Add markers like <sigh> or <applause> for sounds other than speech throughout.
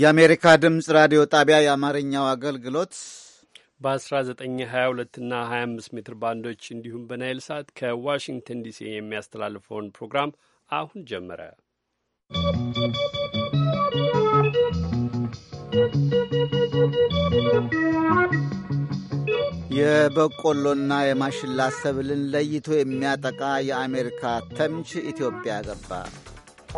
የአሜሪካ ድምፅ ራዲዮ ጣቢያ የአማርኛው አገልግሎት በ1922 እና 25 ሜትር ባንዶች እንዲሁም በናይል ሳት ከዋሽንግተን ዲሲ የሚያስተላልፈውን ፕሮግራም አሁን ጀመረ። የበቆሎና የማሽላ ሰብልን ለይቶ የሚያጠቃ የአሜሪካ ተምች ኢትዮጵያ ገባ።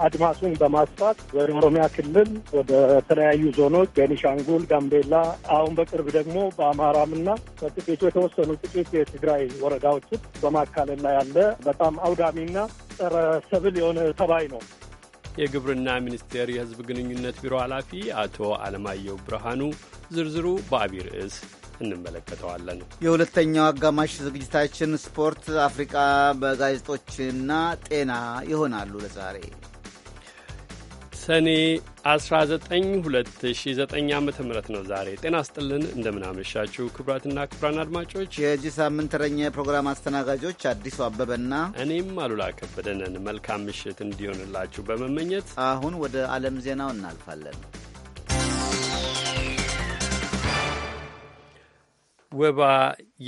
አድማሱን በማስፋት ወደ ኦሮሚያ ክልል ወደ ተለያዩ ዞኖች ቤኒሻንጉል፣ ጋምቤላ፣ አሁን በቅርብ ደግሞ በአማራምና በጥቂቱ የተወሰኑ ጥቂት የትግራይ ወረዳዎችን በማካለል ላይ ያለ በጣም አውዳሚና ጸረ ሰብል የሆነ ተባይ ነው። የግብርና ሚኒስቴር የሕዝብ ግንኙነት ቢሮ ኃላፊ አቶ አለማየሁ ብርሃኑ ዝርዝሩ በአቢይ ርዕስ እንመለከተዋለን። የሁለተኛው አጋማሽ ዝግጅታችን ስፖርት፣ አፍሪቃ በጋዜጦችና ጤና ይሆናሉ ለዛሬ ሰኔ 19 2009 ዓ ም ነው ዛሬ። ጤና ስጥልን እንደምናመሻችሁ ክቡራትና ክቡራን አድማጮች የዚህ ሳምንት ረኛ የፕሮግራም አስተናጋጆች አዲሱ አበበና እኔም አሉላ ከበደንን መልካም ምሽት እንዲሆንላችሁ በመመኘት አሁን ወደ ዓለም ዜናው እናልፋለን። ወባ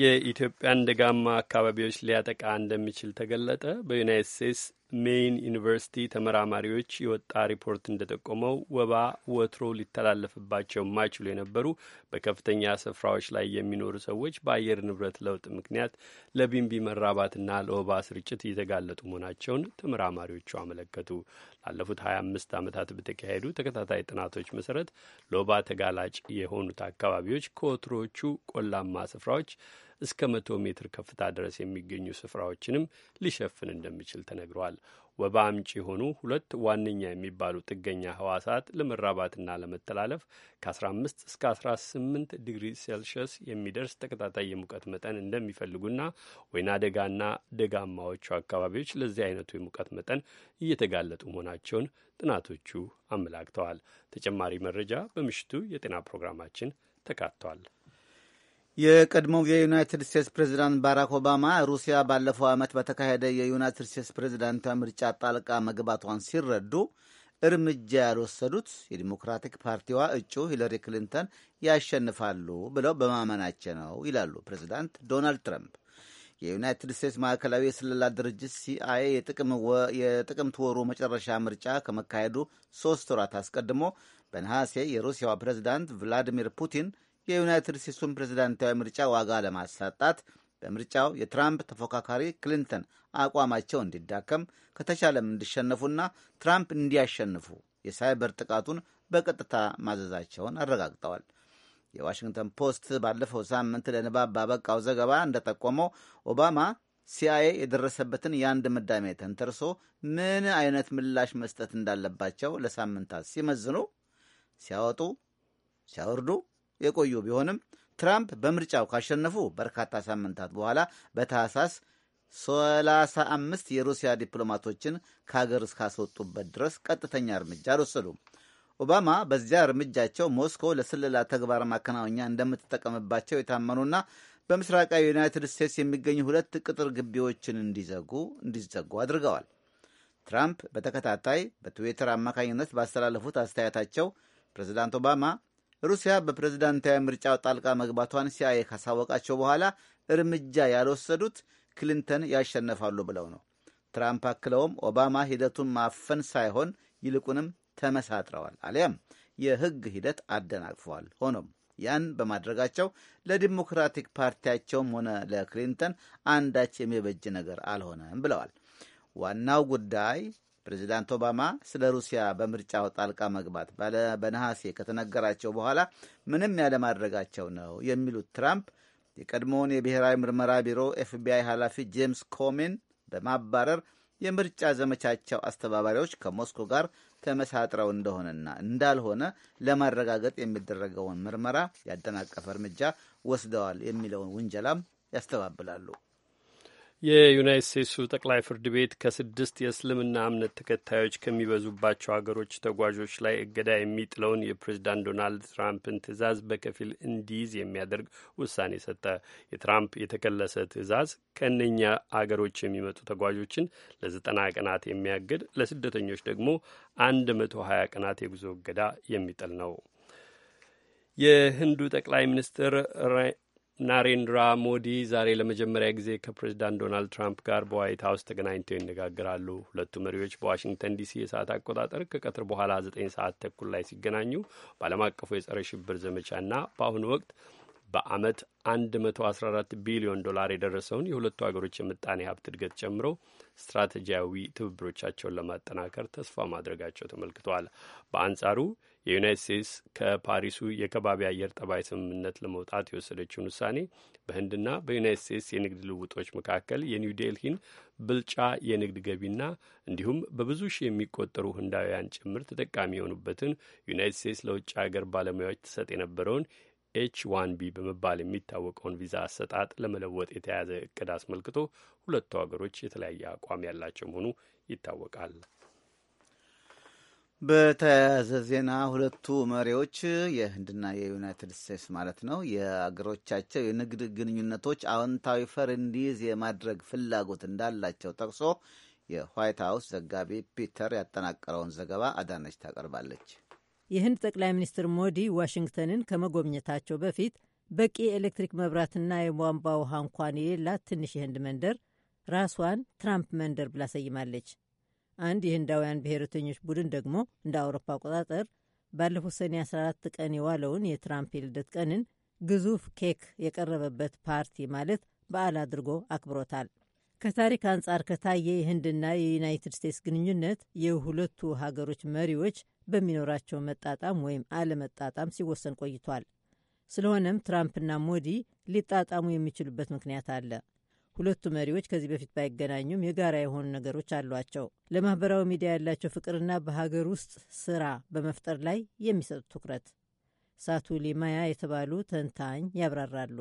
የኢትዮጵያን ደጋማ አካባቢዎች ሊያጠቃ እንደሚችል ተገለጠ። በዩናይት ስቴትስ ሜይን ዩኒቨርሲቲ ተመራማሪዎች የወጣ ሪፖርት እንደጠቆመው ወባ ወትሮ ሊተላለፍባቸው የማይችሉ የነበሩ በከፍተኛ ስፍራዎች ላይ የሚኖሩ ሰዎች በአየር ንብረት ለውጥ ምክንያት ለቢንቢ መራባትና ለወባ ስርጭት እየተጋለጡ መሆናቸውን ተመራማሪዎቹ አመለከቱ። ላለፉት 25 ዓመታት በተካሄዱ ተከታታይ ጥናቶች መሰረት ለወባ ተጋላጭ የሆኑት አካባቢዎች ከወትሮዎቹ ቆላማ ስፍራዎች እስከ መቶ ሜትር ከፍታ ድረስ የሚገኙ ስፍራዎችንም ሊሸፍን እንደሚችል ተነግሯል። ወባ አምጪ የሆኑ ሁለት ዋነኛ የሚባሉ ጥገኛ ህዋሳት ለመራባትና ለመተላለፍ ከ15 እስከ 18 ዲግሪ ሴልሽየስ የሚደርስ ተከታታይ የሙቀት መጠን እንደሚፈልጉና ወይና ደጋና ደጋማዎቹ አካባቢዎች ለዚህ አይነቱ የሙቀት መጠን እየተጋለጡ መሆናቸውን ጥናቶቹ አመላክተዋል። ተጨማሪ መረጃ በምሽቱ የጤና ፕሮግራማችን ተካቷል። የቀድሞው የዩናይትድ ስቴትስ ፕሬዚዳንት ባራክ ኦባማ ሩሲያ ባለፈው ዓመት በተካሄደ የዩናይትድ ስቴትስ ፕሬዚዳንታዊ ምርጫ ጣልቃ መግባቷን ሲረዱ እርምጃ ያልወሰዱት የዲሞክራቲክ ፓርቲዋ እጩ ሂለሪ ክሊንተን ያሸንፋሉ ብለው በማመናቸው ነው ይላሉ ፕሬዚዳንት ዶናልድ ትራምፕ። የዩናይትድ ስቴትስ ማዕከላዊ የስለላ ድርጅት ሲአይኤ የጥቅምት ወሩ መጨረሻ ምርጫ ከመካሄዱ ሶስት ወራት አስቀድሞ በነሐሴ የሩሲያዋ ፕሬዚዳንት ቭላዲሚር ፑቲን የዩናይትድ ስቴትሱን ፕሬዝዳንታዊ ምርጫ ዋጋ ለማሳጣት በምርጫው የትራምፕ ተፎካካሪ ክሊንተን አቋማቸው እንዲዳከም ከተቻለም እንዲሸነፉና ትራምፕ እንዲያሸንፉ የሳይበር ጥቃቱን በቀጥታ ማዘዛቸውን አረጋግጠዋል። የዋሽንግተን ፖስት ባለፈው ሳምንት ለንባብ ባበቃው ዘገባ እንደጠቆመው ኦባማ ሲአይኤ የደረሰበትን የአንድ ምዳሜ ተንተርሶ ምን አይነት ምላሽ መስጠት እንዳለባቸው ለሳምንታት ሲመዝኑ፣ ሲያወጡ፣ ሲያወርዱ የቆዩ ቢሆንም ትራምፕ በምርጫው ካሸነፉ በርካታ ሳምንታት በኋላ በታህሳስ 35 የሩሲያ ዲፕሎማቶችን ከሀገር እስካስወጡበት ድረስ ቀጥተኛ እርምጃ አልወሰዱም። ኦባማ በዚያ እርምጃቸው ሞስኮ ለስለላ ተግባር ማከናወኛ እንደምትጠቀምባቸው የታመኑና በምስራቃዊ ዩናይትድ ስቴትስ የሚገኙ ሁለት ቅጥር ግቢዎችን እንዲዘጉ እንዲዘጉ አድርገዋል። ትራምፕ በተከታታይ በትዊተር አማካኝነት ባስተላለፉት አስተያየታቸው ፕሬዚዳንት ኦባማ ሩሲያ በፕሬዝዳንታዊ ምርጫው ጣልቃ መግባቷን ሲአይኤ ካሳወቃቸው በኋላ እርምጃ ያልወሰዱት ክሊንተን ያሸነፋሉ ብለው ነው። ትራምፕ አክለውም ኦባማ ሂደቱን ማፈን ሳይሆን ይልቁንም ተመሳጥረዋል አሊያም የሕግ ሂደት አደናቅፈዋል። ሆኖም ያን በማድረጋቸው ለዲሞክራቲክ ፓርቲያቸውም ሆነ ለክሊንተን አንዳች የሚበጅ ነገር አልሆነም ብለዋል። ዋናው ጉዳይ ፕሬዚዳንት ኦባማ ስለ ሩሲያ በምርጫው ጣልቃ መግባት በነሐሴ ከተነገራቸው በኋላ ምንም ያለማድረጋቸው ነው የሚሉት ትራምፕ የቀድሞውን የብሔራዊ ምርመራ ቢሮ ኤፍቢአይ ኃላፊ ጄምስ ኮሜን በማባረር የምርጫ ዘመቻቸው አስተባባሪዎች ከሞስኮ ጋር ተመሳጥረው እንደሆነና እንዳልሆነ ለማረጋገጥ የሚደረገውን ምርመራ ያደናቀፈ እርምጃ ወስደዋል የሚለውን ውንጀላም ያስተባብላሉ። የዩናይት ስቴትሱ ጠቅላይ ፍርድ ቤት ከስድስት የእስልምና እምነት ተከታዮች ከሚበዙባቸው ሀገሮች ተጓዦች ላይ እገዳ የሚጥለውን የፕሬዚዳንት ዶናልድ ትራምፕን ትዕዛዝ በከፊል እንዲይዝ የሚያደርግ ውሳኔ ሰጠ። የትራምፕ የተከለሰ ትዕዛዝ ከእነኛ አገሮች የሚመጡ ተጓዦችን ለዘጠና ቀናት የሚያግድ ለስደተኞች ደግሞ አንድ መቶ ሀያ ቀናት የጉዞ እገዳ የሚጥል ነው። የህንዱ ጠቅላይ ሚኒስትር ናሬንድራ ሞዲ ዛሬ ለመጀመሪያ ጊዜ ከፕሬዚዳንት ዶናልድ ትራምፕ ጋር በዋይት ሀውስ ተገናኝተው ይነጋገራሉ። ሁለቱ መሪዎች በዋሽንግተን ዲሲ የሰዓት አቆጣጠር ከቀትር በኋላ ዘጠኝ ሰዓት ተኩል ላይ ሲገናኙ በዓለም አቀፉ የጸረ ሽብር ዘመቻና በአሁኑ ወቅት በአመት 114 ቢሊዮን ዶላር የደረሰውን የሁለቱ ሀገሮች የምጣኔ ሀብት እድገት ጨምሮ ስትራቴጂያዊ ትብብሮቻቸውን ለማጠናከር ተስፋ ማድረጋቸው ተመልክቷል። በአንጻሩ የዩናይት ስቴትስ ከፓሪሱ የከባቢ አየር ጠባይ ስምምነት ለመውጣት የወሰደችውን ውሳኔ በህንድና በዩናይት ስቴትስ የንግድ ልውጦች መካከል የኒው ዴልሂን ብልጫ የንግድ ገቢና እንዲሁም በብዙ ሺህ የሚቆጠሩ ህንዳውያን ጭምር ተጠቃሚ የሆኑበትን ዩናይት ስቴትስ ለውጭ ሀገር ባለሙያዎች ትሰጥ የነበረውን ኤች ዋን ቢ በመባል የሚታወቀውን ቪዛ አሰጣጥ ለመለወጥ የተያዘ እቅድ አስመልክቶ ሁለቱ ሀገሮች የተለያየ አቋም ያላቸው መሆኑ ይታወቃል። በተያያዘ ዜና ሁለቱ መሪዎች የህንድና የዩናይትድ ስቴትስ ማለት ነው የአገሮቻቸው የንግድ ግንኙነቶች አዎንታዊ ፈር እንዲይዝ የማድረግ ፍላጎት እንዳላቸው ጠቅሶ የዋይት ሀውስ ዘጋቢ ፒተር ያጠናቀረውን ዘገባ አዳነች ታቀርባለች። የህንድ ጠቅላይ ሚኒስትር ሞዲ ዋሽንግተንን ከመጎብኘታቸው በፊት በቂ የኤሌክትሪክ መብራትና የቧንቧ ውሃ እንኳን የሌላት ትንሽ የህንድ መንደር ራሷን ትራምፕ መንደር ብላ ሰይማለች። አንድ የህንዳውያን ብሔረተኞች ቡድን ደግሞ እንደ አውሮፓ አቆጣጠር ባለፈው ሰኔ 14 ቀን የዋለውን የትራምፕ የልደት ቀንን ግዙፍ ኬክ የቀረበበት ፓርቲ ማለት በዓል አድርጎ አክብሮታል። ከታሪክ አንጻር ከታየ የህንድና የዩናይትድ ስቴትስ ግንኙነት የሁለቱ ሀገሮች መሪዎች በሚኖራቸው መጣጣም ወይም አለመጣጣም ሲወሰን ቆይቷል። ስለሆነም ትራምፕና ሞዲ ሊጣጣሙ የሚችሉበት ምክንያት አለ። ሁለቱ መሪዎች ከዚህ በፊት ባይገናኙም የጋራ የሆኑ ነገሮች አሏቸው። ለማህበራዊ ሚዲያ ያላቸው ፍቅርና በሀገር ውስጥ ስራ በመፍጠር ላይ የሚሰጡት ትኩረት ሳቱ ሊማያ የተባሉ ተንታኝ ያብራራሉ።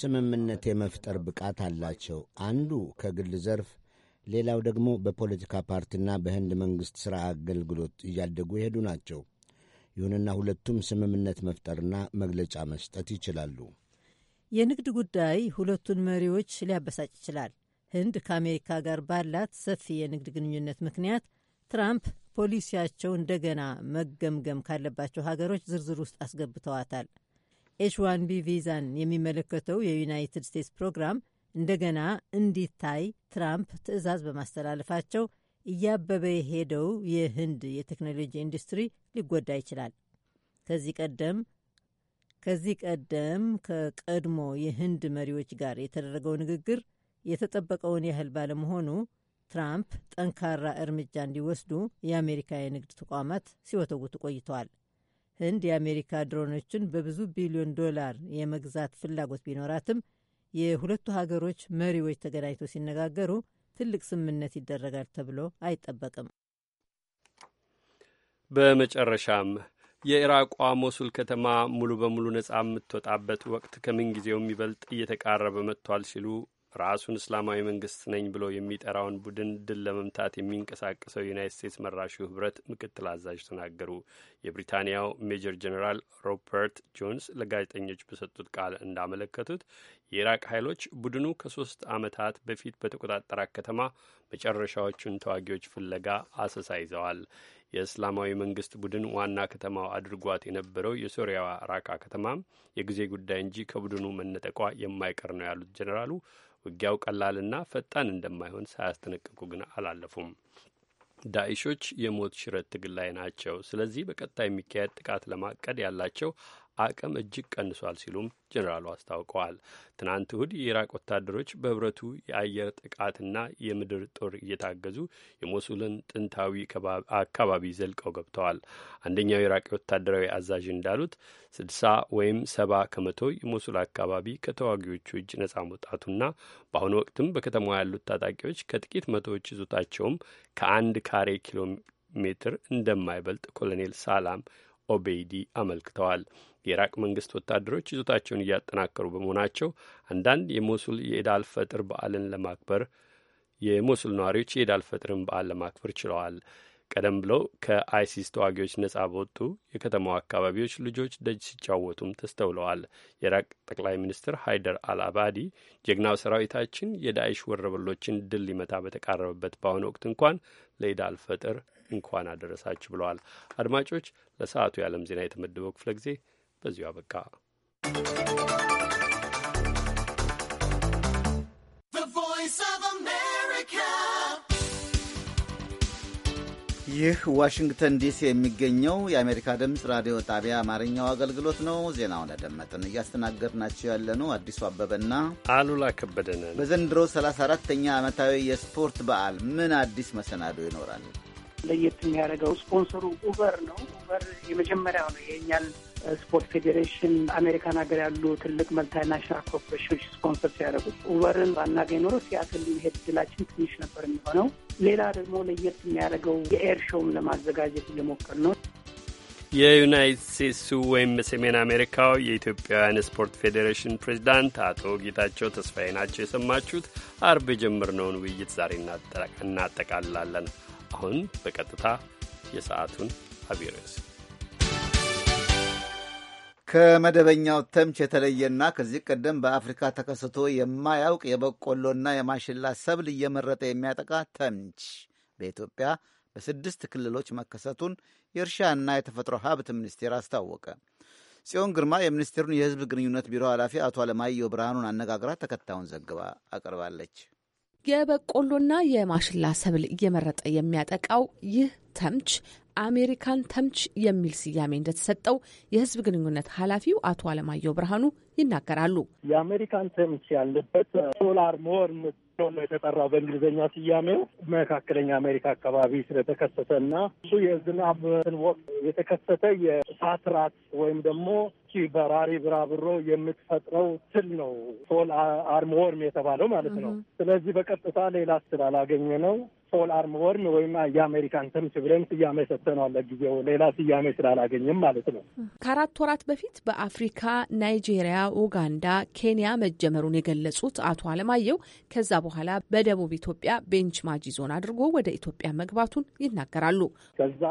ስምምነት የመፍጠር ብቃት አላቸው። አንዱ ከግል ዘርፍ፣ ሌላው ደግሞ በፖለቲካ ፓርቲና በህንድ መንግሥት ሥራ አገልግሎት እያደጉ የሄዱ ናቸው። ይሁንና ሁለቱም ስምምነት መፍጠርና መግለጫ መስጠት ይችላሉ። የንግድ ጉዳይ ሁለቱን መሪዎች ሊያበሳጭ ይችላል። ህንድ ከአሜሪካ ጋር ባላት ሰፊ የንግድ ግንኙነት ምክንያት ትራምፕ ፖሊሲያቸው እንደገና መገምገም ካለባቸው ሀገሮች ዝርዝር ውስጥ አስገብተዋታል። ኤች ዋን ቢ ቪዛን የሚመለከተው የዩናይትድ ስቴትስ ፕሮግራም እንደገና እንዲታይ ትራምፕ ትዕዛዝ በማስተላለፋቸው እያበበ የሄደው የህንድ የቴክኖሎጂ ኢንዱስትሪ ሊጎዳ ይችላል። ከዚህ ቀደም ከዚህ ቀደም ከቀድሞ የህንድ መሪዎች ጋር የተደረገው ንግግር የተጠበቀውን ያህል ባለመሆኑ ትራምፕ ጠንካራ እርምጃ እንዲወስዱ የአሜሪካ የንግድ ተቋማት ሲወተውቱ ቆይተዋል። ህንድ የአሜሪካ ድሮኖችን በብዙ ቢሊዮን ዶላር የመግዛት ፍላጎት ቢኖራትም የሁለቱ ሀገሮች መሪዎች ተገናኝተው ሲነጋገሩ ትልቅ ስምምነት ይደረጋል ተብሎ አይጠበቅም። በመጨረሻም የኢራቋ ሞሱል ከተማ ሙሉ በሙሉ ነጻ የምትወጣበት ወቅት ከምንጊዜው የሚበልጥ እየተቃረበ መጥቷል ሲሉ ራሱን እስላማዊ መንግስት ነኝ ብሎ የሚጠራውን ቡድን ድል ለመምታት የሚንቀሳቀሰው የዩናይት ስቴትስ መራሹ ህብረት ምክትል አዛዥ ተናገሩ። የብሪታንያው ሜጀር ጀኔራል ሮበርት ጆንስ ለጋዜጠኞች በሰጡት ቃል እንዳመለከቱት የኢራቅ ኃይሎች ቡድኑ ከሶስት ዓመታት በፊት በተቆጣጠራት ከተማ መጨረሻዎቹን ተዋጊዎች ፍለጋ አሰሳ ይዘዋል። የእስላማዊ መንግስት ቡድን ዋና ከተማው አድርጓት የነበረው የሶሪያዋ ራቃ ከተማም የጊዜ ጉዳይ እንጂ ከቡድኑ መነጠቋ የማይቀር ነው ያሉት ጀኔራሉ ውጊያው ቀላልና ፈጣን እንደማይሆን ሳያስጠነቅቁ ግን አላለፉም። ዳኢሾች የሞት ሽረት ትግል ላይ ናቸው። ስለዚህ በቀጥታ የሚካሄድ ጥቃት ለማቀድ ያላቸው አቅም እጅግ ቀንሷል ሲሉም ጀኔራሉ አስታውቀዋል። ትናንት እሁድ የኢራቅ ወታደሮች በህብረቱ የአየር ጥቃትና የምድር ጦር እየታገዙ የሞሱልን ጥንታዊ አካባቢ ዘልቀው ገብተዋል። አንደኛው የኢራቅ ወታደራዊ አዛዥ እንዳሉት ስድሳ ወይም ሰባ ከመቶ የሞሱል አካባቢ ከተዋጊዎቹ እጅ ነጻ መውጣቱና በአሁኑ ወቅትም በከተማዋ ያሉት ታጣቂዎች ከጥቂት መቶዎች ይዞታቸውም ከአንድ ካሬ ኪሎ ሜትር እንደማይበልጥ ኮሎኔል ሳላም ኦቤይዲ አመልክተዋል። የኢራቅ መንግስት ወታደሮች ይዞታቸውን እያጠናከሩ በመሆናቸው አንዳንድ የሞሱል የኢዳል ፈጥር በዓልን ለማክበር የሞሱል ነዋሪዎች የኢዳል ፈጥርን በዓል ለማክበር ችለዋል። ቀደም ብለው ከአይሲስ ተዋጊዎች ነጻ በወጡ የከተማው አካባቢዎች ልጆች ደጅ ሲጫወቱም ተስተውለዋል። የኢራቅ ጠቅላይ ሚኒስትር ሃይደር አልአባዲ ጀግናው ሰራዊታችን የዳይሽ ወረበሎችን ድል ሊመታ በተቃረበበት በአሁኑ ወቅት እንኳን ለኢዳል ፈጥር እንኳን አደረሳችሁ ብለዋል። አድማጮች፣ ለሰዓቱ የዓለም ዜና የተመደበው ክፍለ ጊዜ በዚሁ አበቃ። ይህ ዋሽንግተን ዲሲ የሚገኘው የአሜሪካ ድምፅ ራዲዮ ጣቢያ አማርኛው አገልግሎት ነው። ዜናውን ያደመጥን እያስተናገድናቸው ያለነው አዲሱ አበበና አሉላ ከበደን። በዘንድሮ 34ተኛ ዓመታዊ የስፖርት በዓል ምን አዲስ መሰናዶ ይኖራል? ለየት የሚያደርገው ስፖንሰሩ ኡበር ነው። ኡበር የመጀመሪያው ነው የእኛን ስፖርት ፌዴሬሽን አሜሪካን ሀገር ያሉ ትልቅ ናሽናል ኮርፖሬሽኖች ስፖንሰር ሲያደርጉት ኡበርን ባናገኝ ኖሮ ሲያትል መሄድ እድላችን ትንሽ ነበር የሚሆነው። ሌላ ደግሞ ለየት የሚያደርገው የኤር ሾውን ለማዘጋጀት እየሞከር ነው። የዩናይት ስቴትሱ ወይም ሰሜን አሜሪካው የኢትዮጵያውያን ስፖርት ፌዴሬሽን ፕሬዚዳንት አቶ ጌታቸው ተስፋዬ ናቸው የሰማችሁት። አርብ የጀመርነውን ውይይት ዛሬ እናጠቃልላለን። አሁን በቀጥታ የሰዓቱን አብይ ርዕስ ከመደበኛው ተምች የተለየና ከዚህ ቀደም በአፍሪካ ተከስቶ የማያውቅ የበቆሎና የማሽላ ሰብል እየመረጠ የሚያጠቃ ተምች በኢትዮጵያ በስድስት ክልሎች መከሰቱን የእርሻና የተፈጥሮ ሀብት ሚኒስቴር አስታወቀ። ጽዮን ግርማ የሚኒስቴሩን የሕዝብ ግንኙነት ቢሮ ኃላፊ አቶ አለማየሁ ብርሃኑን አነጋግራ ተከታዩን ዘግባ አቅርባለች። የበቆሎና የማሽላ ሰብል እየመረጠ የሚያጠቃው ይህ ተምች አሜሪካን ተምች የሚል ስያሜ እንደተሰጠው የህዝብ ግንኙነት ኃላፊው አቶ አለማየሁ ብርሃኑ ይናገራሉ። የአሜሪካን ተምች ያለበት ሶላር ሞር ነው የተጠራው በእንግሊዝኛ ስያሜው መካከለኛ አሜሪካ አካባቢ ስለተከሰተ እና እሱ የዝናብ ወቅት የተከሰተ የእሳት ራት ወይም ደግሞ በራሪ ብራብሮ የምትፈጥረው ትል ነው ሶል አርምወርም የተባለው ማለት ነው። ስለዚህ በቀጥታ ሌላ ስል አላገኘ ነው ፖል አርም ወይም የአሜሪካን ተምች ብለን ስያሜ ሰጥተነዋል። ጊዜው ሌላ ስያሜ ስላላገኘም ማለት ነው። ከአራት ወራት በፊት በአፍሪካ ናይጄሪያ፣ ኡጋንዳ፣ ኬንያ መጀመሩን የገለጹት አቶ አለማየሁ ከዛ በኋላ በደቡብ ኢትዮጵያ ቤንች ማጂ ዞን አድርጎ ወደ ኢትዮጵያ መግባቱን ይናገራሉ። ከዛ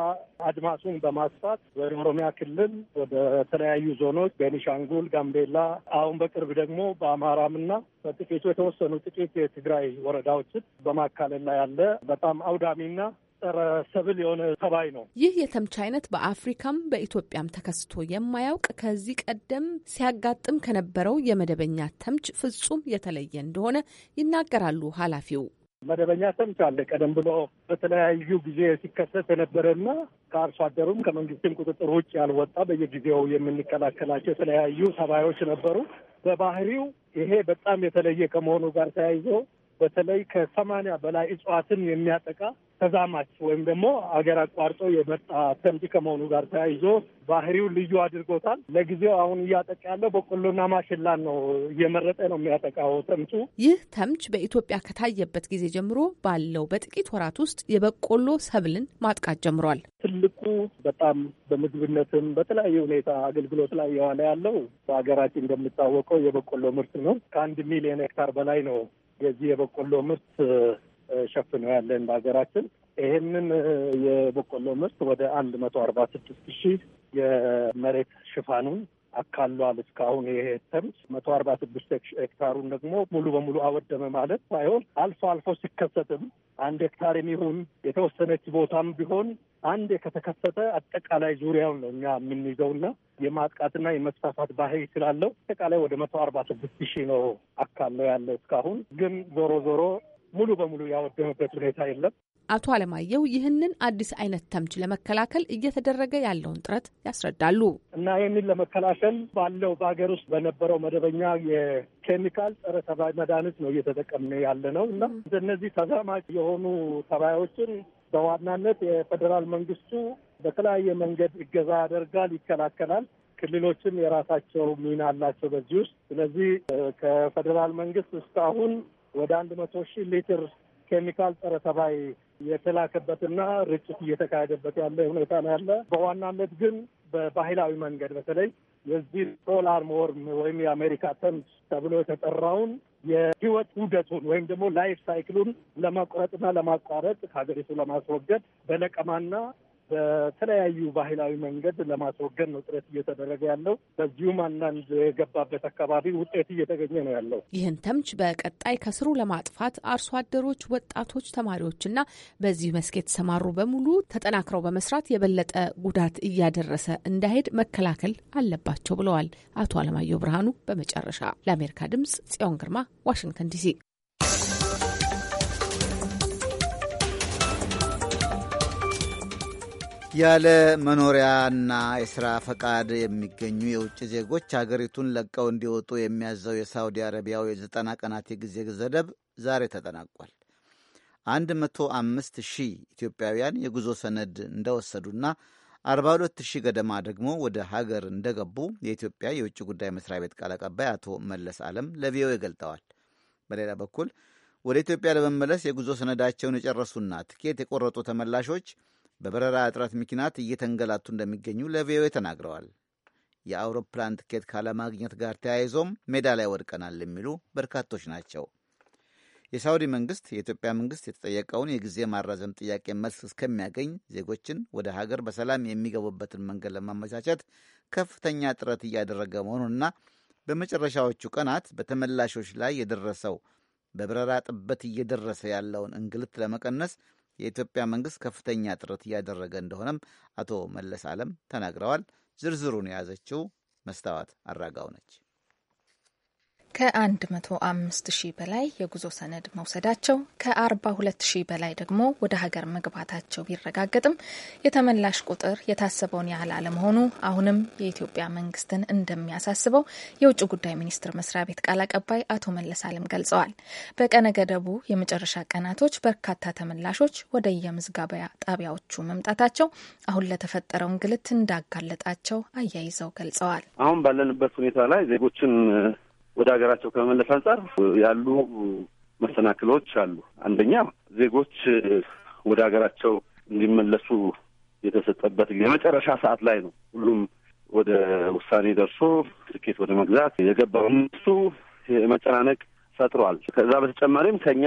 አድማሱን በማስፋት ወደ ኦሮሚያ ክልል ወደ ተለያዩ ዞኖች ቤኒሻንጉል፣ ጋምቤላ አሁን በቅርብ ደግሞ በአማራምና በጥቂቱ የተወሰኑ ጥቂት የትግራይ ወረዳዎችን በማካለል ላይ ያለ በጣም አውዳሚና ጸረ ሰብል የሆነ ተባይ ነው። ይህ የተምች አይነት በአፍሪካም በኢትዮጵያም ተከስቶ የማያውቅ ከዚህ ቀደም ሲያጋጥም ከነበረው የመደበኛ ተምች ፍጹም የተለየ እንደሆነ ይናገራሉ ኃላፊው። መደበኛ ተምች አለ ቀደም ብሎ በተለያዩ ጊዜ ሲከሰት የነበረና ከአርሶ አደሩም ከመንግስትም ቁጥጥር ውጭ ያልወጣ በየጊዜው የምንከላከላቸው የተለያዩ ተባዮች ነበሩ። በባህሪው ይሄ በጣም የተለየ ከመሆኑ ጋር ተያይዞ በተለይ ከሰማንያ በላይ እጽዋትን የሚያጠቃ ተዛማች ወይም ደግሞ አገር አቋርጦ የመጣ ተምች ከመሆኑ ጋር ተያይዞ ባህሪው ልዩ አድርጎታል። ለጊዜው አሁን እያጠቃ ያለው በቆሎና ማሽላን ነው፣ እየመረጠ ነው የሚያጠቃው ተምቹ። ይህ ተምች በኢትዮጵያ ከታየበት ጊዜ ጀምሮ ባለው በጥቂት ወራት ውስጥ የበቆሎ ሰብልን ማጥቃት ጀምሯል። ትልቁ በጣም በምግብነትም በተለያየ ሁኔታ አገልግሎት ላይ የዋለ ያለው በሀገራችን እንደሚታወቀው የበቆሎ ምርት ነው። ከአንድ ሚሊዮን ሄክታር በላይ ነው የዚህ የበቆሎ ምርት ሸፍኖ ያለን በሀገራችን ይህንን የበቆሎ ምርት ወደ አንድ መቶ አርባ ስድስት ሺህ የመሬት ሽፋኑን አካሏል። እስካሁን ይሄ ተምስ መቶ አርባ ስድስት ሄክታሩን ደግሞ ሙሉ በሙሉ አወደመ ማለት ሳይሆን አልፎ አልፎ ሲከሰትም አንድ ሄክታር ይሁን የተወሰነች ቦታም ቢሆን አንድ ከተከሰተ አጠቃላይ ዙሪያውን ነው እኛ የምንይዘውና የማጥቃትና የመስፋፋት ባህሪ ስላለው አጠቃላይ ወደ መቶ አርባ ስድስት ሺህ ነው አካል ነው ያለው። እስካሁን ግን ዞሮ ዞሮ ሙሉ በሙሉ ያወደመበት ሁኔታ የለም። አቶ አለማየሁ ይህንን አዲስ አይነት ተምች ለመከላከል እየተደረገ ያለውን ጥረት ያስረዳሉ። እና ይህንን ለመከላከል ባለው በሀገር ውስጥ በነበረው መደበኛ የኬሚካል ጸረ ተባይ መድኃኒት ነው እየተጠቀምን ያለ ነው እና እነዚህ ተዛማጅ የሆኑ ተባዮችን በዋናነት የፌዴራል መንግስቱ በተለያየ መንገድ እገዛ ያደርጋል፣ ይከላከላል። ክልሎችም የራሳቸው ሚና አላቸው በዚህ ውስጥ። ስለዚህ ከፌዴራል መንግስት እስካሁን ወደ አንድ መቶ ሺህ ሊትር ኬሚካል ጸረ ተባይ የተላከበትና ርጭት እየተካሄደበት ያለ ሁኔታ ነው ያለ። በዋናነት ግን በባህላዊ መንገድ በተለይ የዚህ ሶላር ሞርም ወይም የአሜሪካ ተምስ ተብሎ የተጠራውን የህይወት ውደቱን ወይም ደግሞ ላይፍ ሳይክሉን ለመቁረጥና ለማቋረጥ ከሀገሪቱ ለማስወገድ በለቀማና በተለያዩ ባህላዊ መንገድ ለማስወገድ ነው ጥረት እየተደረገ ያለው። በዚሁም አንዳንድ የገባበት አካባቢ ውጤት እየተገኘ ነው ያለው። ይህን ተምች በቀጣይ ከስሩ ለማጥፋት አርሶ አደሮች፣ ወጣቶች፣ ተማሪዎችና በዚህ መስክ የተሰማሩ በሙሉ ተጠናክረው በመስራት የበለጠ ጉዳት እያደረሰ እንዳይሄድ መከላከል አለባቸው ብለዋል አቶ አለማየሁ ብርሃኑ። በመጨረሻ ለአሜሪካ ድምጽ ጽዮን ግርማ ዋሽንግተን ዲሲ ያለ መኖሪያና የሥራ ፈቃድ የሚገኙ የውጭ ዜጎች አገሪቱን ለቀው እንዲወጡ የሚያዘው የሳውዲ አረቢያው የዘጠና ቀናት የጊዜ ገደብ ዛሬ ተጠናቋል። አንድ መቶ አምስት ሺህ ኢትዮጵያውያን የጉዞ ሰነድ እንደወሰዱና አርባ ሁለት ሺህ ገደማ ደግሞ ወደ ሀገር እንደገቡ የኢትዮጵያ የውጭ ጉዳይ መስሪያ ቤት ቃል አቀባይ አቶ መለስ አለም ለቪኦኤ ገልጠዋል። በሌላ በኩል ወደ ኢትዮጵያ ለመመለስ የጉዞ ሰነዳቸውን የጨረሱና ትኬት የቆረጡ ተመላሾች በበረራ እጥረት ምክንያት እየተንገላቱ እንደሚገኙ ለቪኦኤ ተናግረዋል። የአውሮፕላን ትኬት ካለማግኘት ጋር ተያይዞም ሜዳ ላይ ወድቀናል የሚሉ በርካቶች ናቸው። የሳውዲ መንግስት የኢትዮጵያ መንግስት የተጠየቀውን የጊዜ ማራዘም ጥያቄ መልስ እስከሚያገኝ ዜጎችን ወደ ሀገር በሰላም የሚገቡበትን መንገድ ለማመቻቸት ከፍተኛ ጥረት እያደረገ መሆኑንና በመጨረሻዎቹ ቀናት በተመላሾች ላይ የደረሰው በበረራ ጥበት እየደረሰ ያለውን እንግልት ለመቀነስ የኢትዮጵያ መንግስት ከፍተኛ ጥረት እያደረገ እንደሆነም አቶ መለስ አለም ተናግረዋል። ዝርዝሩን የያዘችው መስታወት አራጋው ነች። ከ105 ሺህ በላይ የጉዞ ሰነድ መውሰዳቸው ከ42 ሺህ በላይ ደግሞ ወደ ሀገር መግባታቸው ቢረጋገጥም የተመላሽ ቁጥር የታሰበውን ያህል አለመሆኑ አሁንም የኢትዮጵያ መንግስትን እንደሚያሳስበው የውጭ ጉዳይ ሚኒስትር መስሪያ ቤት ቃል አቀባይ አቶ መለስ አለም ገልጸዋል። በቀነ ገደቡ የመጨረሻ ቀናቶች በርካታ ተመላሾች ወደ የምዝገባ ጣቢያዎቹ መምጣታቸው አሁን ለተፈጠረው እንግልት እንዳጋለጣቸው አያይዘው ገልጸዋል። አሁን ባለንበት ሁኔታ ላይ ዜጎችን ወደ ሀገራቸው ከመመለስ አንጻር ያሉ መሰናክሎች አሉ። አንደኛ ዜጎች ወደ ሀገራቸው እንዲመለሱ የተሰጠበት የመጨረሻ ሰዓት ላይ ነው ሁሉም ወደ ውሳኔ ደርሶ ትኬት ወደ መግዛት የገባው እሱ መጨናነቅ ፈጥሯል። ከዛ በተጨማሪም ከኛ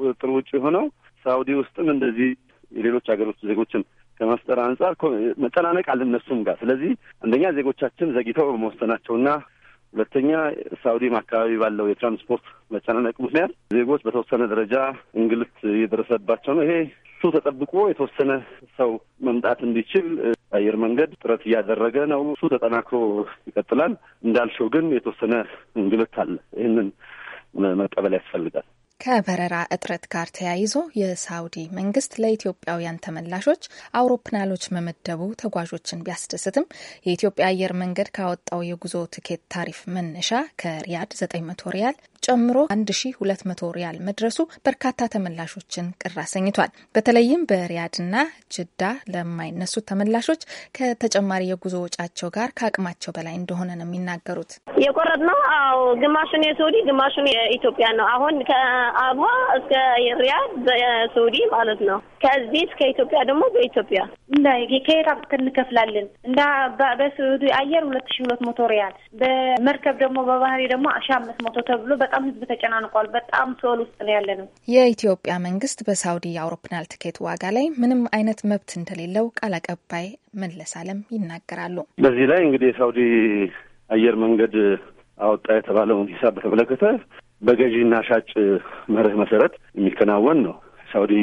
ቁጥጥር ውጭ የሆነው ሳውዲ ውስጥም እንደዚህ የሌሎች ሀገሮች ዜጎችን ከመፍጠር አንጻር መጨናነቅ አለ እነሱም ጋር። ስለዚህ አንደኛ ዜጎቻችን ዘግይተው በመወሰናቸውና ሁለተኛ ሳውዲም አካባቢ ባለው የትራንስፖርት መጨናነቅ ምክንያት ዜጎች በተወሰነ ደረጃ እንግልት እየደረሰባቸው ነው። ይሄ እሱ ተጠብቆ የተወሰነ ሰው መምጣት እንዲችል አየር መንገድ ጥረት እያደረገ ነው። እሱ ተጠናክሮ ይቀጥላል። እንዳልሽው ግን የተወሰነ እንግልት አለ። ይህንን መቀበል ያስፈልጋል። ከበረራ እጥረት ጋር ተያይዞ የሳውዲ መንግስት ለኢትዮጵያውያን ተመላሾች አውሮፕላኖች መመደቡ ተጓዦችን ቢያስደስትም የኢትዮጵያ አየር መንገድ ካወጣው የጉዞ ትኬት ታሪፍ መነሻ ከሪያድ 900 ሪያል ጨምሮ 1200 ሪያል መድረሱ በርካታ ተመላሾችን ቅር አሰኝቷል። በተለይም በሪያድና ጅዳ ለማይነሱ ተመላሾች ከተጨማሪ የጉዞ ወጫቸው ጋር ከአቅማቸው በላይ እንደሆነ ነው የሚናገሩት። የቆረጥ ነው። አዎ ግማሹን የሳውዲ ግማሹን የኢትዮጵያ ነው። አሁን ከአቧ እስከ ሪያድ በሳውዲ ማለት ነው። ከዚህ እስከ ኢትዮጵያ ደግሞ በኢትዮጵያ ከየት አብተን እንከፍላለን እንዳ በሳውዲ አየር ሁለት ሺ ሁለት መቶ ሪያል በመርከብ ደግሞ በባህሪ ደግሞ ሺ አምስት መቶ ተብሎ በጣም በጣም ህዝብ ተጨናንቋል። በጣም ሰወል ውስጥ ነው ያለ ነው። የኢትዮጵያ መንግስት በሳውዲ የአውሮፕላን ትኬት ዋጋ ላይ ምንም አይነት መብት እንደሌለው ቃል አቀባይ መለስ አለም ይናገራሉ። በዚህ ላይ እንግዲህ የሳውዲ አየር መንገድ አወጣ የተባለውን ሂሳብ በተመለከተ በገዢና ሻጭ መርህ መሰረት የሚከናወን ነው። ሳውዲ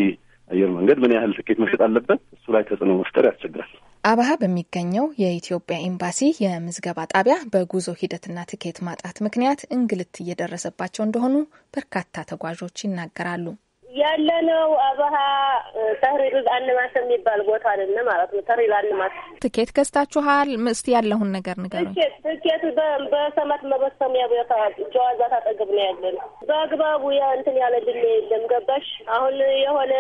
አየር መንገድ ምን ያህል ትኬት መሸጥ አለበት፣ እሱ ላይ ተጽዕኖ መፍጠር ያስቸግራል። አብሃ በሚገኘው የኢትዮጵያ ኤምባሲ የምዝገባ ጣቢያ በጉዞ ሂደትና ትኬት ማጣት ምክንያት እንግልት እየደረሰባቸው እንደሆኑ በርካታ ተጓዦች ይናገራሉ። ያለነው አብሃ ተህሪር አንማስ የሚባል ቦታ አለን ማለት ነው። ተህሪር አንማስ ትኬት ገዝታችኋል? እስቲ ያለሁን ነገር ንገሩኝ። ትኬት በሰመት መበሰሚያ ቦታ ጀዋዛ አጠገብ ነው ያለን። በአግባቡ እንትን ያለልን የለም ገባሽ። አሁን የሆነ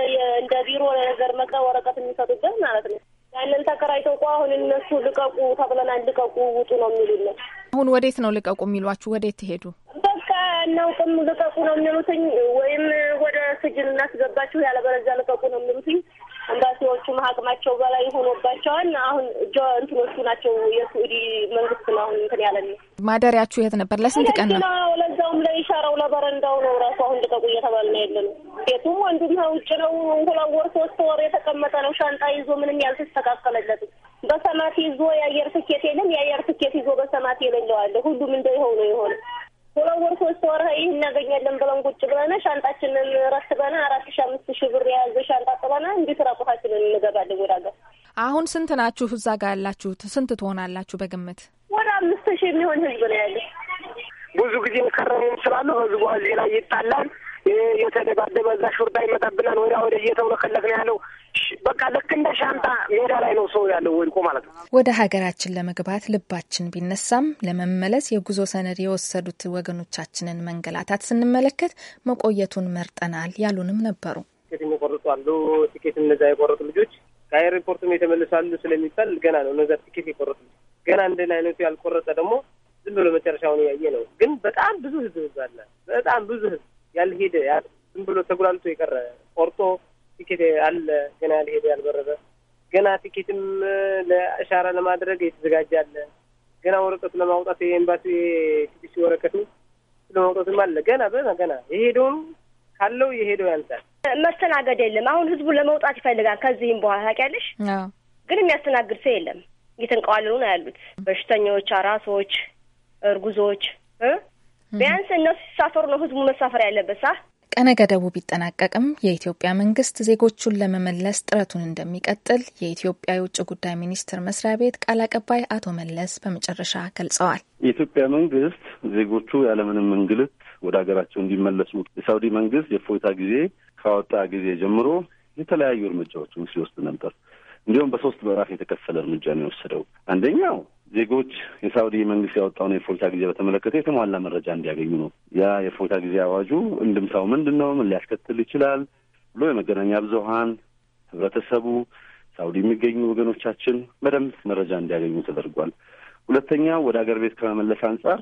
እንደ ቢሮ ነገር መቅረብ ወረቀት የሚሰጡበት ማለት ነው ያንን ተከራይተው እኮ አሁን እነሱ ልቀቁ ተብለናል፣ ልቀቁ ውጡ ነው የሚሉን። አሁን ወዴት ነው ልቀቁ የሚሏችሁ? ወዴት ትሄዱ? በቃ እናውቅም፣ ልቀቁ ነው የሚሉትኝ። ወይም ወደ ስጅን እናስገባችሁ፣ ያለበለዚያ ልቀቁ ነው የሚሉትኝ። ኤምባሲዎቹም አቅማቸው በላይ ሆኖባቸዋል። አሁን ጆ እንትኖቹ ናቸው የሱዲ መንግስት ነው አሁን እንትን ያለን። ማደሪያችሁ የት ነበር? ለስንት ቀን ነው? ለዛውም ለኢሻራው ለበረንዳው ነው ራሱ አሁን ልቀቁ እየተባል ነው ያለ ነው። ቤቱም ወንዱም ውጭ ነው። ሁለት ወር ሶስት ወር የተቀመጠ ነው። ሻንጣ ይዞ ምንም ያልተስተካከለለት በሰማት ይዞ የአየር ትኬት የለም። የአየር ትኬት ይዞ በሰማት የሌለዋለ ሁሉም እንደ ይኸው ነው የሆነ ሁለት ወር ሶስት ወር ይህን እናገኛለን ብለን ቁጭ ብለና ሻንጣችንን ረትበና አራት ሺ አምስት ሺ ብር የያዘ ሻንጣ ጥለና እንዴት ራቁታችንን እንገባለን ወደ ሀገር። አሁን ስንት ናችሁ እዛ ጋር ያላችሁት? ስንት ትሆናላችሁ በግምት? ወደ አምስት ሺ የሚሆን ህዝብ ነው ያለ። ብዙ ጊዜ ከረሙም ስላሉ ህዝቡ እዚህ ላይ ይጣላል። የተደባደበ እዛ ሹርዳ ይመጣብናል። ወዲያ ወደ እየተውለከለክ ነው ያለው በቃ ልክ እንደ ሻንጣ ሜዳ ላይ ነው ሰው ያለው ወድቆ ማለት ነው። ወደ ሀገራችን ለመግባት ልባችን ቢነሳም ለመመለስ የጉዞ ሰነድ የወሰዱት ወገኖቻችንን መንገላታት ስንመለከት መቆየቱን መርጠናል ያሉንም ነበሩ። ትኬት የሚቆርጡ አሉ። ትኬት እነዛ የቆረጡ ልጆች ከኤርፖርትም የተመለሳሉ ስለሚባል ገና ነው። እነዛ ትኬት የቆረጡ ገና እንደን አይነቱ ያልቆረጠ ደግሞ ዝም ብሎ መጨረሻውን ያየ ነው። ግን በጣም ብዙ ህዝብ ህዝብ አለ። በጣም ብዙ ህዝብ ያልሄደ ዝም ብሎ ተጉላልቶ የቀረ ቆርጦ ቲኬት አለ ገና ሊሄድ ያልበረረ ገና ቲኬትም ለእሻራ ለማድረግ የተዘጋጀ አለ። ገና ወረቀቱ ለማውጣት የኤምባሲ ትክሽ ወረቀቱ ለማውጣትም አለ ገና በና ገና የሄደውም ካለው የሄደው ያንሳል። መስተናገድ የለም። አሁን ህዝቡ ለመውጣት ይፈልጋል። ከዚህም በኋላ ታውቂያለሽ፣ ግን የሚያስተናግድ ሰው የለም። እየተንቀዋለሉ ነው ያሉት በሽተኞች፣ አራሶች፣ እርጉዞች ቢያንስ እነሱ ሲሳፈሩ ነው ህዝቡ መሳፈር ያለበት ሳ ቀነ ገደቡ ቢጠናቀቅም የኢትዮጵያ መንግስት ዜጎቹን ለመመለስ ጥረቱን እንደሚቀጥል የኢትዮጵያ የውጭ ጉዳይ ሚኒስቴር መስሪያ ቤት ቃል አቀባይ አቶ መለስ በመጨረሻ ገልጸዋል። የኢትዮጵያ መንግስት ዜጎቹ ያለምንም እንግልት ወደ ሀገራቸው እንዲመለሱ የሳውዲ መንግስት የእፎይታ ጊዜ ካወጣ ጊዜ ጀምሮ የተለያዩ እርምጃዎችን ሲወስድ ነበር። እንዲሁም በሶስት ምዕራፍ የተከፈለ እርምጃ ነው የወሰደው። አንደኛው ዜጎች የሳውዲ መንግስት ያወጣውን የእፎይታ ጊዜ በተመለከተ የተሟላ መረጃ እንዲያገኙ ነው። ያ የእፎይታ ጊዜ አዋጁ እንድምታው ምንድን ነው? ምን ሊያስከትል ይችላል ብሎ የመገናኛ ብዙሀን ህብረተሰቡ፣ ሳውዲ የሚገኙ ወገኖቻችን በደንብ መረጃ እንዲያገኙ ተደርጓል። ሁለተኛ ወደ አገር ቤት ከመመለስ አንጻር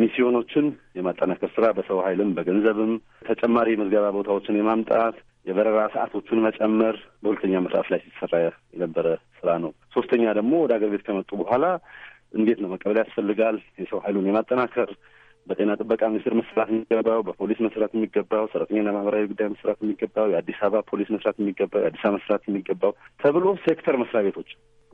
ሚስዮኖችን የማጠናከር ስራ በሰው ኃይልም በገንዘብም ተጨማሪ የምዝገባ ቦታዎችን የማምጣት የበረራ ሰዓቶቹን መጨመር በሁለተኛ ምዕራፍ ላይ ሲሰራ የነበረ ስራ ነው። ሶስተኛ ደግሞ ወደ ሀገር ቤት ከመጡ በኋላ እንዴት ነው መቀበል ያስፈልጋል። የሰው ኃይሉን የማጠናከር በጤና ጥበቃ ሚኒስቴር መስራት የሚገባው፣ በፖሊስ መስራት የሚገባው፣ ሰራተኛና ማህበራዊ ጉዳይ መስራት የሚገባው፣ የአዲስ አበባ ፖሊስ መስራት የሚገባው፣ የአዲስ አበባ መስራት የሚገባው ተብሎ ሴክተር መስሪያ ቤቶች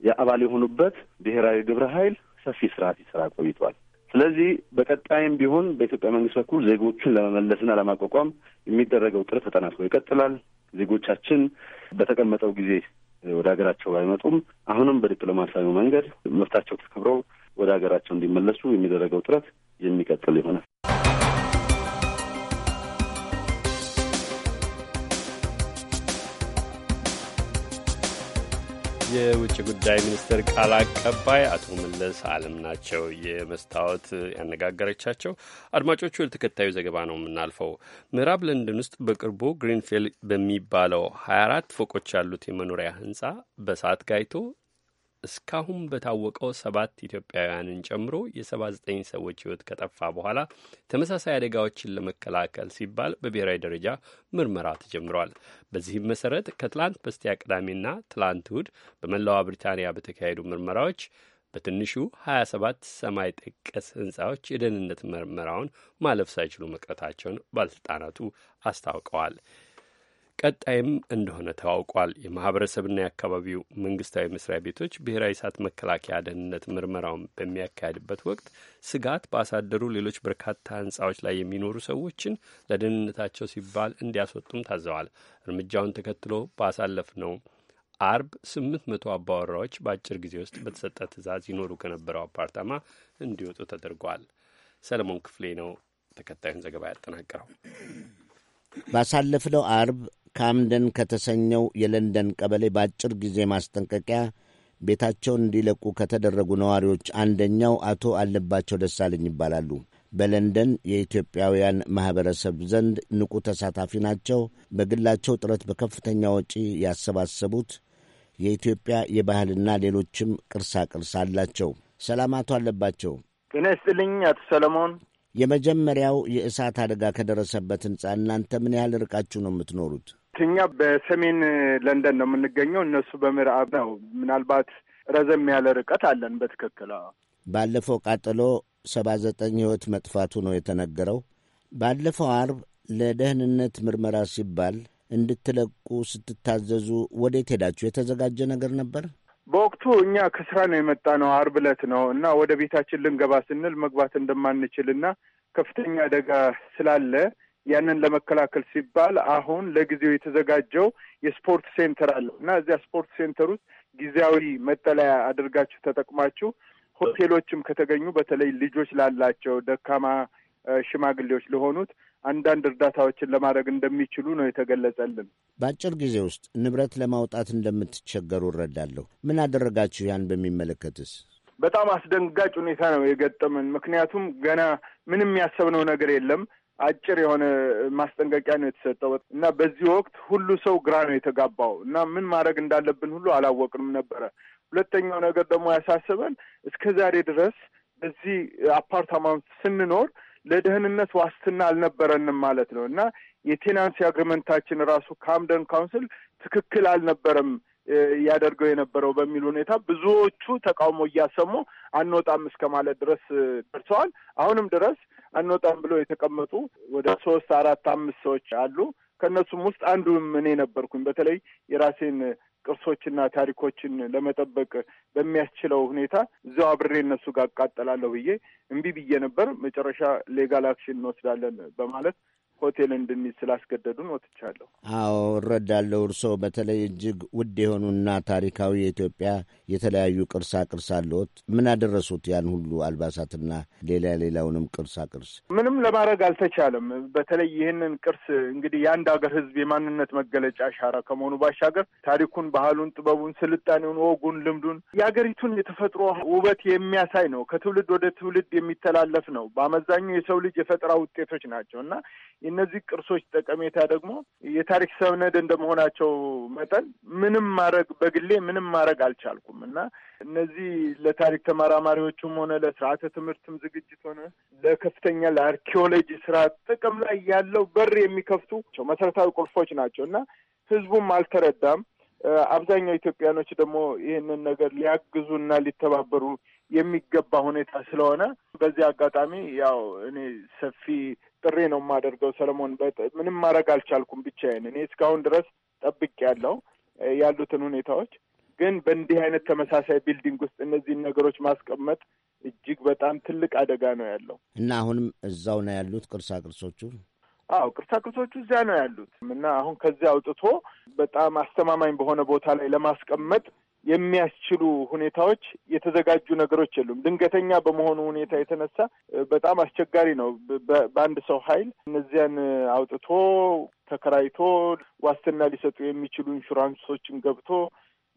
የአባል የሆኑበት ብሔራዊ ግብረ ኃይል ሰፊ ስርዓት ይሰራ ቆይቷል። ስለዚህ በቀጣይም ቢሆን በኢትዮጵያ መንግስት በኩል ዜጎቹን ለመመለስና ለማቋቋም የሚደረገው ጥረት ተጠናክሮ ይቀጥላል። ዜጎቻችን በተቀመጠው ጊዜ ወደ ሀገራቸው ባይመጡም አሁንም በዲፕሎማሲያዊ መንገድ መብታቸው ተከብረው ወደ ሀገራቸው እንዲመለሱ የሚደረገው ጥረት የሚቀጥል ይሆናል። የውጭ ጉዳይ ሚኒስትር ቃል አቀባይ አቶ መለስ አለም ናቸው የመስታወት ያነጋገረቻቸው። አድማጮቹ ተከታዩ ዘገባ ነው የምናልፈው። ምዕራብ ለንደን ውስጥ በቅርቡ ግሪንፌል በሚባለው 24 ፎቆች ያሉት የመኖሪያ ህንፃ በሰዓት ጋይቶ እስካሁን በታወቀው ሰባት ኢትዮጵያውያንን ጨምሮ የሰባ ዘጠኝ ሰዎች ህይወት ከጠፋ በኋላ ተመሳሳይ አደጋዎችን ለመከላከል ሲባል በብሔራዊ ደረጃ ምርመራ ተጀምሯል። በዚህም መሰረት ከትላንት በስቲያ ቅዳሜና ትላንት እሁድ በመላዋ ብሪታንያ በተካሄዱ ምርመራዎች በትንሹ 27 ሰማይ ጠቀስ ህንፃዎች የደህንነት ምርመራውን ማለፍ ሳይችሉ መቅረታቸውን ባለሥልጣናቱ አስታውቀዋል። ቀጣይም እንደሆነ ታውቋል። የማህበረሰብና የአካባቢው መንግስታዊ መስሪያ ቤቶች ብሔራዊ እሳት መከላከያ ደህንነት ምርመራውን በሚያካሄድበት ወቅት ስጋት ባሳደሩ ሌሎች በርካታ ህንፃዎች ላይ የሚኖሩ ሰዎችን ለደህንነታቸው ሲባል እንዲያስወጡም ታዘዋል። እርምጃውን ተከትሎ ባሳለፍ ነው አርብ ስምንት መቶ አባወራዎች በአጭር ጊዜ ውስጥ በተሰጠ ትዕዛዝ ይኖሩ ከነበረው አፓርታማ እንዲወጡ ተደርጓል። ሰለሞን ክፍሌ ነው ተከታዩን ዘገባ ያጠናቀረው። ባሳለፍነው አርብ ካምደን ከተሰኘው የለንደን ቀበሌ በአጭር ጊዜ ማስጠንቀቂያ ቤታቸውን እንዲለቁ ከተደረጉ ነዋሪዎች አንደኛው አቶ አለባቸው ደሳለኝ ይባላሉ። በለንደን የኢትዮጵያውያን ማኅበረሰብ ዘንድ ንቁ ተሳታፊ ናቸው። በግላቸው ጥረት በከፍተኛ ወጪ ያሰባሰቡት የኢትዮጵያ የባህልና ሌሎችም ቅርሳ ቅርስ አላቸው። ሰላም አቶ አለባቸው ጤና ይስጥልኝ አቶ ሰለሞን። የመጀመሪያው የእሳት አደጋ ከደረሰበት ህንፃ እናንተ ምን ያህል ርቃችሁ ነው የምትኖሩት? እኛ በሰሜን ለንደን ነው የምንገኘው፣ እነሱ በምዕራብ ነው። ምናልባት ረዘም ያለ ርቀት አለን። በትክክል ባለፈው ቃጠሎ ሰባ ዘጠኝ ህይወት መጥፋቱ ነው የተነገረው። ባለፈው አርብ ለደህንነት ምርመራ ሲባል እንድትለቁ ስትታዘዙ ወዴት ሄዳችሁ? የተዘጋጀ ነገር ነበር? በወቅቱ እኛ ከስራ ነው የመጣ ነው፣ አርብ ዕለት ነው እና ወደ ቤታችን ልንገባ ስንል መግባት እንደማንችል እና ከፍተኛ አደጋ ስላለ ያንን ለመከላከል ሲባል አሁን ለጊዜው የተዘጋጀው የስፖርት ሴንተር አለ እና እዚያ ስፖርት ሴንተር ውስጥ ጊዜያዊ መጠለያ አድርጋችሁ ተጠቅማችሁ ሆቴሎችም ከተገኙ በተለይ ልጆች ላላቸው ደካማ ሽማግሌዎች ለሆኑት አንዳንድ እርዳታዎችን ለማድረግ እንደሚችሉ ነው የተገለጸልን። በአጭር ጊዜ ውስጥ ንብረት ለማውጣት እንደምትቸገሩ እረዳለሁ። ምን አደረጋችሁ? ያን በሚመለከትስ በጣም አስደንጋጭ ሁኔታ ነው የገጠመን። ምክንያቱም ገና ምንም ያሰብነው ነገር የለም። አጭር የሆነ ማስጠንቀቂያ ነው የተሰጠው እና በዚህ ወቅት ሁሉ ሰው ግራ ነው የተጋባው እና ምን ማድረግ እንዳለብን ሁሉ አላወቅንም ነበረ። ሁለተኛው ነገር ደግሞ ያሳስበን እስከ ዛሬ ድረስ በዚህ አፓርታማ ስንኖር ለደህንነት ዋስትና አልነበረንም ማለት ነው እና የቴናንሲ አግሪመንታችን ራሱ ካምደን ካውንስል ትክክል አልነበረም ያደርገው የነበረው በሚል ሁኔታ ብዙዎቹ ተቃውሞ እያሰሙ አንወጣም እስከ ማለት ድረስ ደርሰዋል። አሁንም ድረስ አንወጣም ብለው የተቀመጡ ወደ ሶስት አራት አምስት ሰዎች አሉ። ከእነሱም ውስጥ አንዱም እኔ ነበርኩኝ። በተለይ የራሴን ቅርሶችና ታሪኮችን ለመጠበቅ በሚያስችለው ሁኔታ እዚያው አብሬ እነሱ ጋር አቃጠላለሁ ብዬ እምቢ ብዬ ነበር። መጨረሻ ሌጋል አክሽን እንወስዳለን በማለት ሆቴል እንድንይዝ ስላስገደዱን ወጥቻለሁ። አዎ እረዳለሁ። እርስዎ በተለይ እጅግ ውድ የሆኑና ታሪካዊ የኢትዮጵያ የተለያዩ ቅርሳ ቅርስ አለዎት። ምን አደረሱት? ያን ሁሉ አልባሳትና ሌላ ሌላውንም ቅርሳ ቅርስ ምንም ለማድረግ አልተቻለም። በተለይ ይህንን ቅርስ እንግዲህ የአንድ ሀገር ሕዝብ የማንነት መገለጫ አሻራ ከመሆኑ ባሻገር ታሪኩን፣ ባህሉን፣ ጥበቡን፣ ስልጣኔውን፣ ወጉን፣ ልምዱን የሀገሪቱን የተፈጥሮ ውበት የሚያሳይ ነው። ከትውልድ ወደ ትውልድ የሚተላለፍ ነው። በአመዛኙ የሰው ልጅ የፈጠራ ውጤቶች ናቸው እና እነዚህ ቅርሶች ጠቀሜታ ደግሞ የታሪክ ሰነድ እንደመሆናቸው መጠን ምንም ማድረግ በግሌ ምንም ማድረግ አልቻልኩም እና እነዚህ ለታሪክ ተመራማሪዎችም ሆነ ለስርዓተ ትምህርትም ዝግጅት ሆነ ለከፍተኛ ለአርኪኦሎጂ ስራ ጥቅም ላይ ያለው በር የሚከፍቱ መሰረታዊ ቁልፎች ናቸው እና ህዝቡም አልተረዳም። አብዛኛው ኢትዮጵያኖች ደግሞ ይህንን ነገር ሊያግዙ እና ሊተባበሩ የሚገባ ሁኔታ ስለሆነ በዚህ አጋጣሚ ያው እኔ ሰፊ ጥሪ ነው የማደርገው። ሰለሞን ምንም ማድረግ አልቻልኩም ብቻዬን። እኔ እስካሁን ድረስ ጠብቅ ያለው ያሉትን ሁኔታዎች ግን በእንዲህ አይነት ተመሳሳይ ቢልዲንግ ውስጥ እነዚህን ነገሮች ማስቀመጥ እጅግ በጣም ትልቅ አደጋ ነው ያለው እና አሁንም እዛው ነው ያሉት ቅርሳ ቅርሶቹ። አዎ ቅርሳ ቅርሶቹ እዚያ ነው ያሉት እና አሁን ከዚያ አውጥቶ በጣም አስተማማኝ በሆነ ቦታ ላይ ለማስቀመጥ የሚያስችሉ ሁኔታዎች የተዘጋጁ ነገሮች የሉም። ድንገተኛ በመሆኑ ሁኔታ የተነሳ በጣም አስቸጋሪ ነው። በአንድ ሰው ኃይል እነዚያን አውጥቶ ተከራይቶ ዋስትና ሊሰጡ የሚችሉ ኢንሹራንሶችን ገብቶ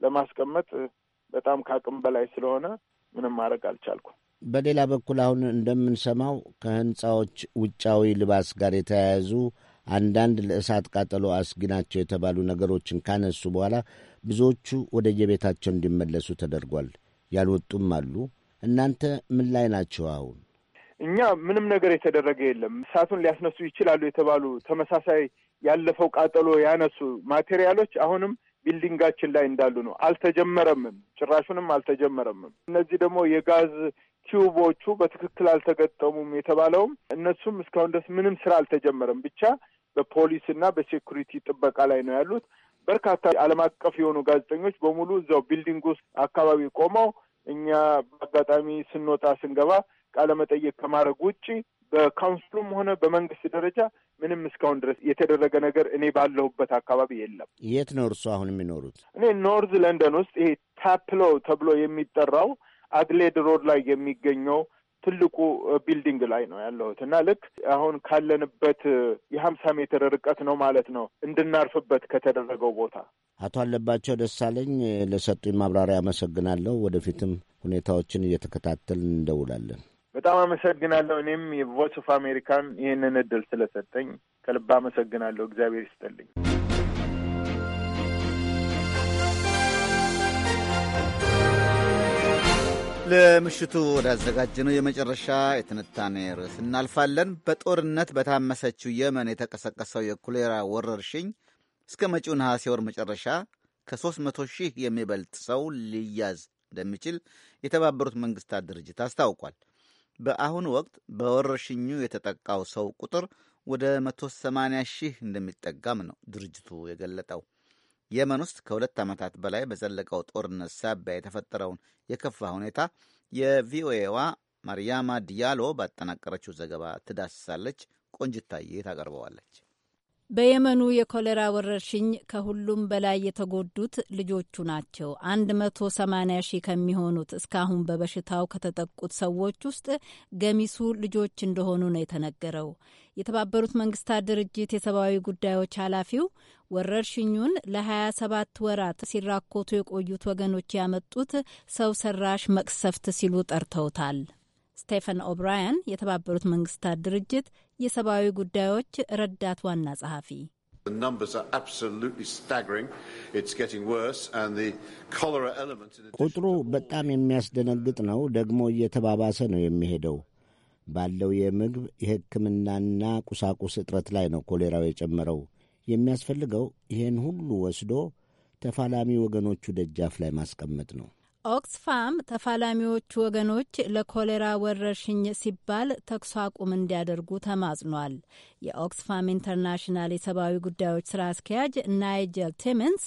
ለማስቀመጥ በጣም ከአቅም በላይ ስለሆነ ምንም ማድረግ አልቻልኩም። በሌላ በኩል አሁን እንደምንሰማው ከህንፃዎች ውጫዊ ልባስ ጋር የተያያዙ አንዳንድ ለእሳት ቃጠሎ አስጊ ናቸው የተባሉ ነገሮችን ካነሱ በኋላ ብዙዎቹ ወደ የቤታቸው እንዲመለሱ ተደርጓል። ያልወጡም አሉ። እናንተ ምን ላይ ናቸው አሁን? እኛ ምንም ነገር የተደረገ የለም። እሳቱን ሊያስነሱ ይችላሉ የተባሉ ተመሳሳይ ያለፈው ቃጠሎ ያነሱ ማቴሪያሎች አሁንም ቢልዲንጋችን ላይ እንዳሉ ነው። አልተጀመረምም፣ ጭራሹንም አልተጀመረምም። እነዚህ ደግሞ የጋዝ ቲዩቦቹ በትክክል አልተገጠሙም የተባለውም እነሱም እስካሁን ድረስ ምንም ስራ አልተጀመረም። ብቻ በፖሊስ እና በሴኩሪቲ ጥበቃ ላይ ነው ያሉት። በርካታ ዓለም አቀፍ የሆኑ ጋዜጠኞች በሙሉ እዚያው ቢልዲንግ ውስጥ አካባቢ ቆመው እኛ በአጋጣሚ ስንወጣ ስንገባ ቃለ መጠየቅ ከማድረግ ውጭ በካውንስሉም ሆነ በመንግስት ደረጃ ምንም እስካሁን ድረስ የተደረገ ነገር እኔ ባለሁበት አካባቢ የለም። የት ነው እርሱ አሁን የሚኖሩት? እኔ ኖርዝ ለንደን ውስጥ ይሄ ታፕሎ ተብሎ የሚጠራው አድሌድ ሮድ ላይ የሚገኘው ትልቁ ቢልዲንግ ላይ ነው ያለሁት እና ልክ አሁን ካለንበት የሀምሳ ሜትር ርቀት ነው ማለት ነው እንድናርፍበት ከተደረገው ቦታ። አቶ አለባቸው ደሳለኝ ለሰጡኝ ማብራሪያ አመሰግናለሁ። ወደፊትም ሁኔታዎችን እየተከታተል እንደውላለን። በጣም አመሰግናለሁ። እኔም የቮይስ ኦፍ አሜሪካን ይህንን እድል ስለሰጠኝ ከልብ አመሰግናለሁ። እግዚአብሔር ይስጠልኝ። ለምሽቱ ወዳዘጋጀነው የመጨረሻ የትንታኔ ርዕስ እናልፋለን። በጦርነት በታመሰችው የመን የተቀሰቀሰው የኮሌራ ወረርሽኝ እስከ መጪው ነሐሴ ወር መጨረሻ ከ300 ሺህ የሚበልጥ ሰው ሊያዝ እንደሚችል የተባበሩት መንግስታት ድርጅት አስታውቋል። በአሁኑ ወቅት በወረርሽኙ የተጠቃው ሰው ቁጥር ወደ 180 ሺህ እንደሚጠጋም ነው ድርጅቱ የገለጠው። የመን ውስጥ ከሁለት ዓመታት በላይ በዘለቀው ጦርነት ሳቢያ የተፈጠረውን የከፋ ሁኔታ የቪኦኤዋ ማርያማ ዲያሎ ባጠናቀረችው ዘገባ ትዳስሳለች። ቆንጅታዬ ታቀርበዋለች። በየመኑ የኮሌራ ወረርሽኝ ከሁሉም በላይ የተጎዱት ልጆቹ ናቸው። 180 ሺህ ከሚሆኑት እስካሁን በበሽታው ከተጠቁት ሰዎች ውስጥ ገሚሱ ልጆች እንደሆኑ ነው የተነገረው። የተባበሩት መንግስታት ድርጅት የሰብአዊ ጉዳዮች ኃላፊው ወረርሽኙን ለ27 ወራት ሲራኮቱ የቆዩት ወገኖች ያመጡት ሰው ሰራሽ መቅሰፍት ሲሉ ጠርተውታል። ስቴፈን ኦብራያን የተባበሩት መንግስታት ድርጅት የሰብአዊ ጉዳዮች ረዳት ዋና ጸሐፊ ቁጥሩ በጣም የሚያስደነግጥ ነው። ደግሞ እየተባባሰ ነው የሚሄደው። ባለው የምግብ የሕክምናና ቁሳቁስ እጥረት ላይ ነው ኮሌራው የጨመረው። የሚያስፈልገው ይህን ሁሉ ወስዶ ተፋላሚ ወገኖቹ ደጃፍ ላይ ማስቀመጥ ነው። ኦክስፋም ተፋላሚዎቹ ወገኖች ለኮሌራ ወረርሽኝ ሲባል ተኩስ አቁም እንዲያደርጉ ተማጽኗል። የኦክስፋም ኢንተርናሽናል የሰብአዊ ጉዳዮች ስራ አስኪያጅ ናይጀል ቲምንስ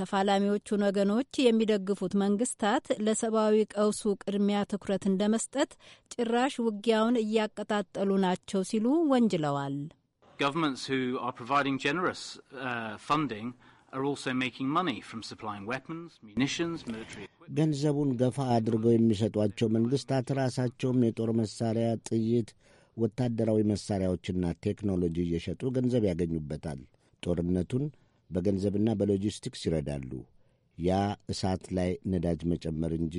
ተፋላሚዎቹን ወገኖች የሚደግፉት መንግስታት ለሰብአዊ ቀውሱ ቅድሚያ ትኩረት እንደመስጠት ጭራሽ ውጊያውን እያቀጣጠሉ ናቸው ሲሉ ወንጅለዋል። governments who are ገንዘቡን ገፋ አድርገው የሚሰጧቸው መንግሥታት ራሳቸውም የጦር መሣሪያ፣ ጥይት፣ ወታደራዊ መሣሪያዎችና ቴክኖሎጂ እየሸጡ ገንዘብ ያገኙበታል። ጦርነቱን በገንዘብና በሎጂስቲክስ ይረዳሉ። ያ እሳት ላይ ነዳጅ መጨመር እንጂ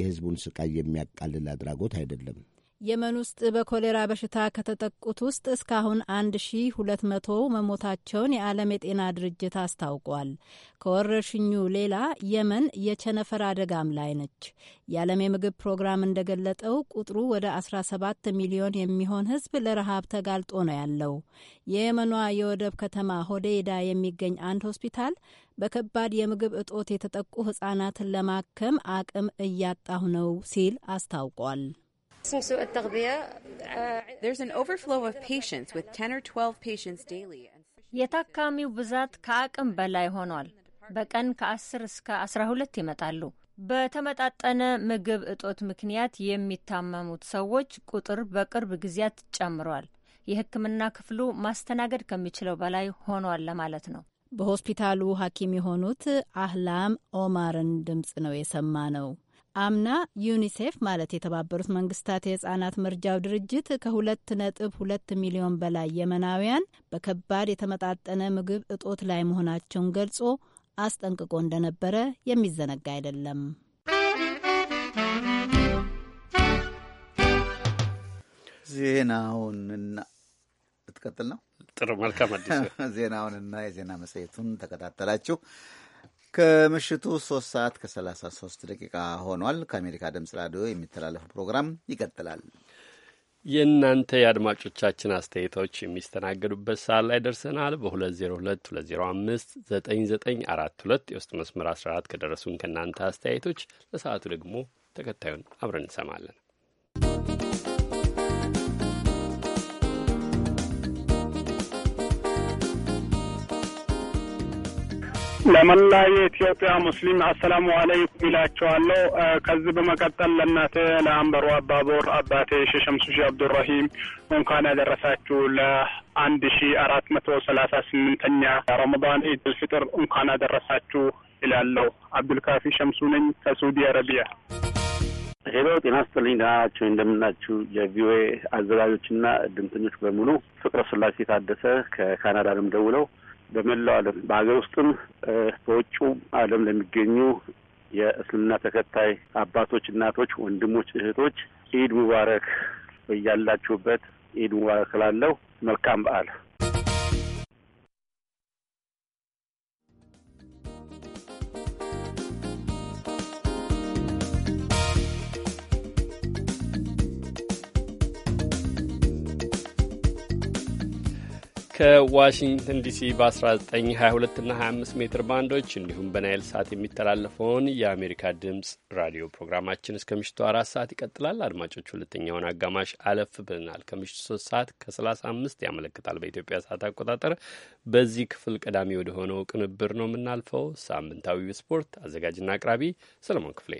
የሕዝቡን ሥቃይ የሚያቃልል አድራጎት አይደለም። የመን ውስጥ በኮሌራ በሽታ ከተጠቁት ውስጥ እስካሁን 1200 መሞታቸውን የዓለም የጤና ድርጅት አስታውቋል። ከወረርሽኙ ሌላ የመን የቸነፈር አደጋም ላይ ነች። የዓለም የምግብ ፕሮግራም እንደገለጠው ቁጥሩ ወደ 17 ሚሊዮን የሚሆን ሕዝብ ለረሃብ ተጋልጦ ነው ያለው። የየመኗ የወደብ ከተማ ሆዴይዳ የሚገኝ አንድ ሆስፒታል በከባድ የምግብ እጦት የተጠቁ ሕጻናትን ለማከም አቅም እያጣሁ ነው ሲል አስታውቋል። የታካሚው ብዛት ከአቅም በላይ ሆኗል። በቀን ከ10 እስከ 12 ይመጣሉ። በተመጣጠነ ምግብ እጦት ምክንያት የሚታመሙት ሰዎች ቁጥር በቅርብ ጊዜያት ጨምሯል። የሕክምና ክፍሉ ማስተናገድ ከሚችለው በላይ ሆኗል ለማለት ነው። በሆስፒታሉ ሐኪም የሆኑት አህላም ኦማርን ድምፅ ነው የሰማ ነው። አምና ዩኒሴፍ ማለት የተባበሩት መንግስታት የህጻናት መርጃው ድርጅት ከሁለት ነጥብ ሁለት ሚሊዮን በላይ የመናውያን በከባድ የተመጣጠነ ምግብ እጦት ላይ መሆናቸውን ገልጾ አስጠንቅቆ እንደነበረ የሚዘነጋ አይደለም። ዜናውን ትቀጥል ነው። ጥሩ መልካም አዲስ <laughs> ዜናውንና የዜና መጽሔቱን ተከታተላችሁ። ከምሽቱ 3 ሰዓት ከ33 ደቂቃ ሆኗል። ከአሜሪካ ድምፅ ራዲዮ የሚተላለፈው ፕሮግራም ይቀጥላል። የእናንተ የአድማጮቻችን አስተያየቶች የሚስተናገዱበት ሰዓት ላይ ደርሰናል። በ202 9942 የውስጥ መስመር 14 ከደረሱን ከእናንተ አስተያየቶች ለሰዓቱ ደግሞ ተከታዩን አብረን እንሰማለን። ለመላ የኢትዮጵያ ሙስሊም አሰላሙ አለይኩም ይላቸዋለሁ። ከዚህ በመቀጠል ለእናቴ ለአንበሩ አባቦር አባቴ ሸሸምሱሺ አብዱራሂም እንኳን ያደረሳችሁ ለአንድ ሺ አራት መቶ ሰላሳ ስምንተኛ ረመዳን ኢድ አልፍጥር እንኳን ያደረሳችሁ ይላለሁ። አብዱልካፊ ሸምሱ ነኝ ከሳዑዲ አረቢያ። ሄሎ ጤና ስጥልኝ። ደህና ናችሁ? እንደምናችሁ? የቪኦኤ አዘጋጆችና ድምተኞች በሙሉ ፍቅረ ስላሴ ታደሰ ከካናዳ ደውለው በመላው ዓለም በሀገር ውስጥም በውጭ ዓለም ለሚገኙ የእስልምና ተከታይ አባቶች፣ እናቶች፣ ወንድሞች፣ እህቶች ኢድ ሙባረክ። እያላችሁበት ኢድ ሙባረክ ላለው መልካም በዓል ከዋሽንግተን ዲሲ በ1922 እና 25 ሜትር ባንዶች እንዲሁም በናይል ሰዓት የሚተላለፈውን የአሜሪካ ድምፅ ራዲዮ ፕሮግራማችን እስከ ምሽቱ አራት ሰዓት ይቀጥላል። አድማጮች ሁለተኛውን አጋማሽ አለፍ ብለናል። ከምሽቱ ሶስት ሰዓት ከ35 ያመለክታል በኢትዮጵያ ሰዓት አቆጣጠር። በዚህ ክፍል ቀዳሚ ወደ ሆነው ቅንብር ነው የምናልፈው። ሳምንታዊ ስፖርት አዘጋጅና አቅራቢ ሰለሞን ክፍሌ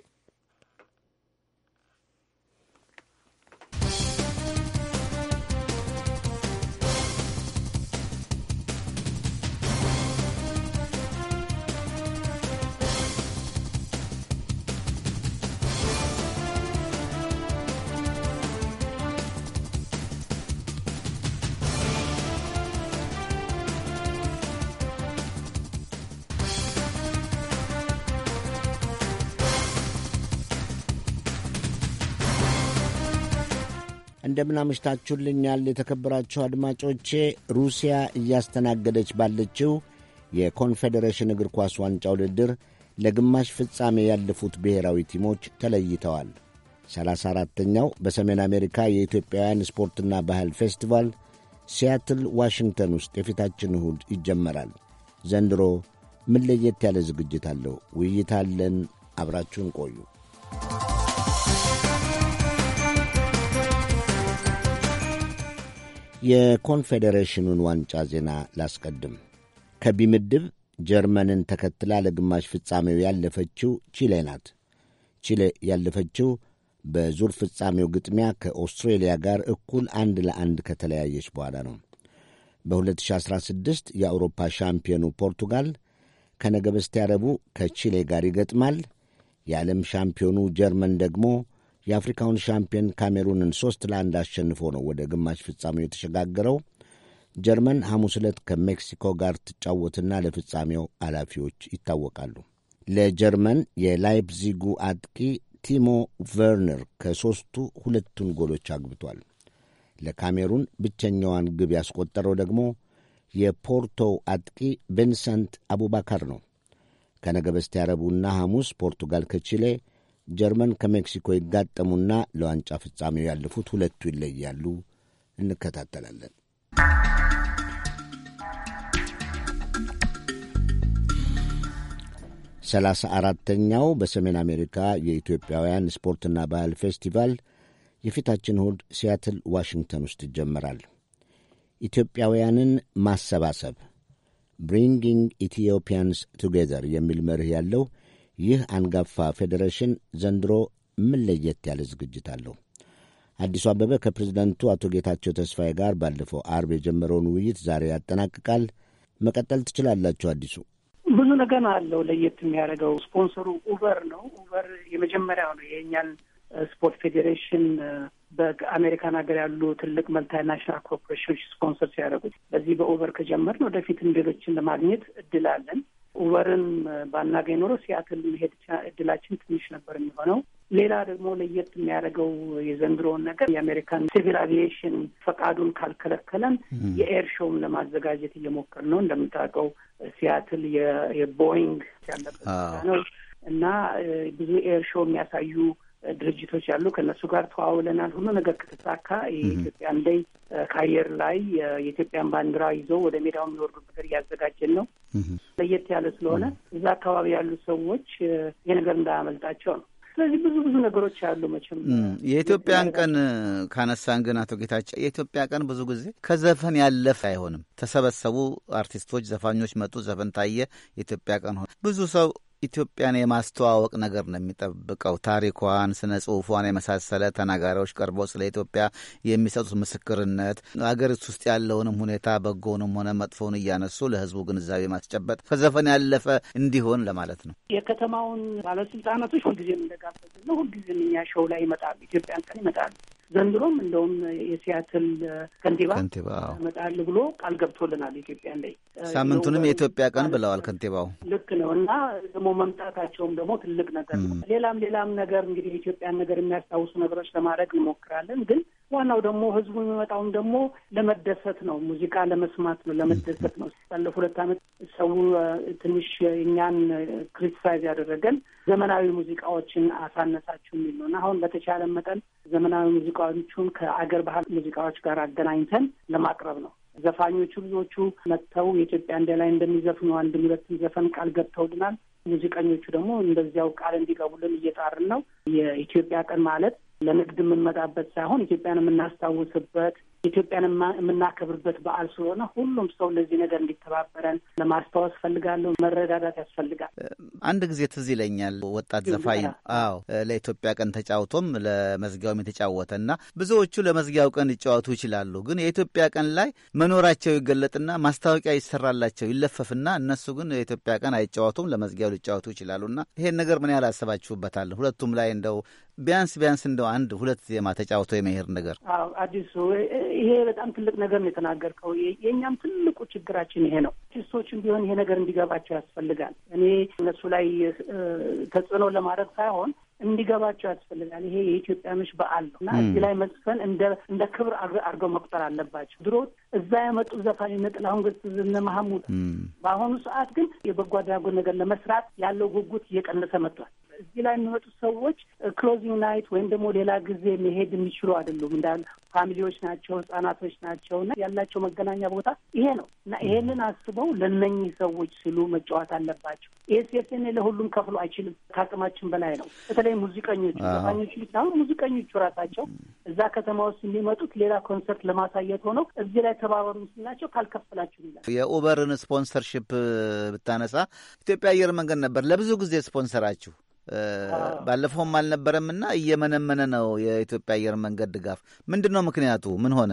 እንደምን አምሽታችሁልኛል የተከበራችሁ አድማጮቼ። ሩሲያ እያስተናገደች ባለችው የኮንፌዴሬሽን እግር ኳስ ዋንጫ ውድድር ለግማሽ ፍጻሜ ያለፉት ብሔራዊ ቲሞች ተለይተዋል። 34 ተኛው በሰሜን አሜሪካ የኢትዮጵያውያን ስፖርትና ባህል ፌስቲቫል ሲያትል ዋሽንግተን ውስጥ የፊታችን እሁድ ይጀመራል። ዘንድሮ ምን ለየት ያለ ዝግጅት አለው? ውይይት አለን። አብራችሁን ቆዩ። የኮንፌዴሬሽኑን ዋንጫ ዜና ላስቀድም። ከቢ ምድብ ጀርመንን ተከትላ ለግማሽ ፍጻሜው ያለፈችው ቺሌ ናት። ቺሌ ያለፈችው በዙር ፍጻሜው ግጥሚያ ከኦስትሬሊያ ጋር እኩል አንድ ለአንድ ከተለያየች በኋላ ነው። በ2016 የአውሮፓ ሻምፒዮኑ ፖርቱጋል ከነገ በስቲያ ረቡዕ ከቺሌ ጋር ይገጥማል። የዓለም ሻምፒዮኑ ጀርመን ደግሞ የአፍሪካውን ሻምፒየን ካሜሩንን ሦስት ለአንድ አሸንፎ ነው ወደ ግማሽ ፍጻሜው የተሸጋገረው። ጀርመን ሐሙስ ዕለት ከሜክሲኮ ጋር ትጫወትና ለፍጻሜው አላፊዎች ይታወቃሉ። ለጀርመን የላይፕዚጉ አጥቂ ቲሞ ቨርነር ከሦስቱ ሁለቱን ጎሎች አግብቷል። ለካሜሩን ብቸኛዋን ግብ ያስቆጠረው ደግሞ የፖርቶ አጥቂ ቪንሰንት አቡባካር ነው። ከነገ በስቲያ ረቡዕና ሐሙስ ፖርቱጋል ከቺሌ ጀርመን ከሜክሲኮ ይጋጠሙና ለዋንጫ ፍጻሜው ያለፉት ሁለቱ ይለያሉ። እንከታተላለን። ሰላሳ አራተኛው በሰሜን አሜሪካ የኢትዮጵያውያን ስፖርትና ባህል ፌስቲቫል የፊታችን እሁድ ሲያትል ዋሽንግተን ውስጥ ይጀመራል። ኢትዮጵያውያንን ማሰባሰብ ብሪንጊንግ ኢትዮፒያንስ ቱጌዘር የሚል መርህ ያለው ይህ አንጋፋ ፌዴሬሽን ዘንድሮ ምን ለየት ያለ ዝግጅት አለው? አዲሱ አበበ ከፕሬዝዳንቱ አቶ ጌታቸው ተስፋዬ ጋር ባለፈው አርብ የጀመረውን ውይይት ዛሬ ያጠናቅቃል። መቀጠል ትችላላችሁ አዲሱ። ብዙ ነገር አለው ለየት የሚያደርገው። ስፖንሰሩ ኡበር ነው። ኡበር የመጀመሪያው ነው የእኛን ስፖርት ፌዴሬሽን በአሜሪካን ሀገር ያሉ ትልቅ መልታናሽናል ኮርፖሬሽኖች ስፖንሰር ሲያደርጉት፣ በዚህ በኡበር ከጀመርን ወደፊትም ሌሎችን ለማግኘት እድል አለን። ኡበርን ባናገኝ ኖሮ ሲያትል መሄድ እድላችን ትንሽ ነበር የሚሆነው። ሌላ ደግሞ ለየት የሚያደርገው የዘንድሮውን ነገር የአሜሪካን ሲቪል አቪዬሽን ፈቃዱን ካልከለከለን የኤር ሾውን ለማዘጋጀት እየሞከር ነው። እንደምታውቀው ሲያትል የቦይንግ ያለበት ነው እና ብዙ ኤር ሾው የሚያሳዩ ድርጅቶች ያሉ ከእነሱ ጋር ተዋውለናል። ሁሉ ነገር ከተሳካ የኢትዮጵያን ላይ ከአየር ላይ የኢትዮጵያን ባንዲራ ይዘው ወደ ሜዳው የሚወርዱ ነገር እያዘጋጀን ነው። ለየት ያለ ስለሆነ እዛ አካባቢ ያሉ ሰዎች ይሄ ነገር እንዳያመልጣቸው ነው። ስለዚህ ብዙ ብዙ ነገሮች አሉ። መቼም የኢትዮጵያን ቀን ካነሳን ግን አቶ ጌታቸው የኢትዮጵያ ቀን ብዙ ጊዜ ከዘፈን ያለፈ አይሆንም። ተሰበሰቡ አርቲስቶች፣ ዘፋኞች መጡ፣ ዘፈን ታየ፣ የኢትዮጵያ ቀን ሆነ። ብዙ ሰው ኢትዮጵያን የማስተዋወቅ ነገር ነው የሚጠብቀው። ታሪኳን፣ ስነ ጽሁፏን የመሳሰለ ተናጋሪዎች ቀርበው ስለ ኢትዮጵያ የሚሰጡት ምስክርነት፣ አገሪቱ ውስጥ ያለውንም ሁኔታ በጎውንም ሆነ መጥፎውን እያነሱ ለህዝቡ ግንዛቤ ማስጨበጥ ከዘፈን ያለፈ እንዲሆን ለማለት ነው። የከተማውን ባለስልጣናቶች ሁልጊዜም እንደጋበዝ ነው። ሁልጊዜም እኛ ሾው ላይ ይመጣሉ። ኢትዮጵያን ቀን ይመጣሉ። ዘንድሮም እንደውም የሲያትል ከንቲባ ይመጣል ብሎ ቃል ገብቶልናል። ኢትዮጵያን ላይ ሳምንቱንም የኢትዮጵያ ቀን ብለዋል ከንቲባው። ልክ ነው እና ደግሞ መምጣታቸውም ደግሞ ትልቅ ነገር ነው። ሌላም ሌላም ነገር እንግዲህ የኢትዮጵያን ነገር የሚያስታውሱ ነገሮች ለማድረግ እንሞክራለን። ግን ዋናው ደግሞ ህዝቡ የሚመጣውም ደግሞ ለመደሰት ነው፣ ሙዚቃ ለመስማት ነው፣ ለመደሰት ነው። ባለፉ ሁለት ዓመት ሰው ትንሽ እኛን ክሪቲሳይዝ ያደረገን ዘመናዊ ሙዚቃዎችን አሳነሳችሁ የሚል ነው እና አሁን በተቻለ መጠን ዘመናዊ ሙዚቃዎቹን ከአገር ባህል ሙዚቃዎች ጋር አገናኝተን ለማቅረብ ነው። ዘፋኞቹ ብዙዎቹ መጥተው የኢትዮጵያ እንደ ላይ እንደሚዘፍኑ አንድ ሁለት ዘፈን ቃል ገብተውልናል። ሙዚቀኞቹ ደግሞ እንደዚያው ቃል እንዲገቡልን እየጣርን ነው። የኢትዮጵያ ቀን ማለት ለንግድ የምንመጣበት ሳይሆን ኢትዮጵያን የምናስታውስበት ኢትዮጵያን የምናከብርበት በዓል ስለሆነ ሁሉም ሰው ለዚህ ነገር እንዲተባበረን ለማስታወስ ፈልጋለሁ። መረዳዳት ያስፈልጋል። አንድ ጊዜ ትዝ ይለኛል ወጣት ዘፋኝ አዎ ለኢትዮጵያ ቀን ተጫውቶም ለመዝጊያውም የተጫወተ እና ብዙዎቹ ለመዝጊያው ቀን ሊጫወቱ ይችላሉ። ግን የኢትዮጵያ ቀን ላይ መኖራቸው ይገለጥና ማስታወቂያ ይሰራላቸው ይለፈፍና እነሱ ግን የኢትዮጵያ ቀን አይጫወቱም፣ ለመዝጊያው ሊጫወቱ ይችላሉና ይሄን ነገር ምን ያህል አስባችሁበታል? ሁለቱም ላይ እንደው ቢያንስ ቢያንስ እንደው አንድ ሁለት ዜማ ተጫውቶ የመሄድ ነገር አዲሱ ይሄ በጣም ትልቅ ነገር ነው የተናገርከው። የእኛም ትልቁ ችግራችን ይሄ ነው። አርቲስቶችም ቢሆን ይሄ ነገር እንዲገባቸው ያስፈልጋል። እኔ እነሱ ላይ ተጽዕኖ ለማድረግ ሳይሆን እንዲገባቸው ያስፈልጋል። ይሄ ምሽ በዓል ነው እና እዚህ ላይ መዝፈን እንደ ክብር አድርገው መቁጠር አለባቸው። ድሮ እዛ ያመጡ ዘፋኝ እነ ጥላሁን ገሰሰ መሐሙድ። በአሁኑ ሰዓት ግን የበጎ አድራጎት ነገር ለመስራት ያለው ጉጉት እየቀነሰ መጥቷል። እዚህ ላይ የሚመጡ ሰዎች ክሎዚንግ ናይት ወይም ደግሞ ሌላ ጊዜ መሄድ የሚችሉ አይደሉም። እንዳሉ ፋሚሊዎች ናቸው፣ ህጻናቶች ናቸው እና ያላቸው መገናኛ ቦታ ይሄ ነው እና ይሄንን አስበው ለነኚህ ሰዎች ሲሉ መጫወት አለባቸው። ይሄ ለሁሉም ከፍሎ አይችልም፣ ከአቅማችን በላይ ነው። በተለይ ሙዚቀኞቹ ዘፋኞቹ ብቻ ሙዚቀኞቹ ራሳቸው እዛ ከተማ ውስጥ የሚመጡት ሌላ ኮንሰርት ለማሳየት ሆነው እዚህ ላይ ተባበሩ ስላቸው ካልከፈላችሁ ይላል። የኡበርን ስፖንሰርሽፕ ብታነሳ ኢትዮጵያ አየር መንገድ ነበር ለብዙ ጊዜ ስፖንሰራችሁ ባለፈውም አልነበረም እና እየመነመነ ነው የኢትዮጵያ አየር መንገድ ድጋፍ። ምንድን ነው ምክንያቱ? ምን ሆነ?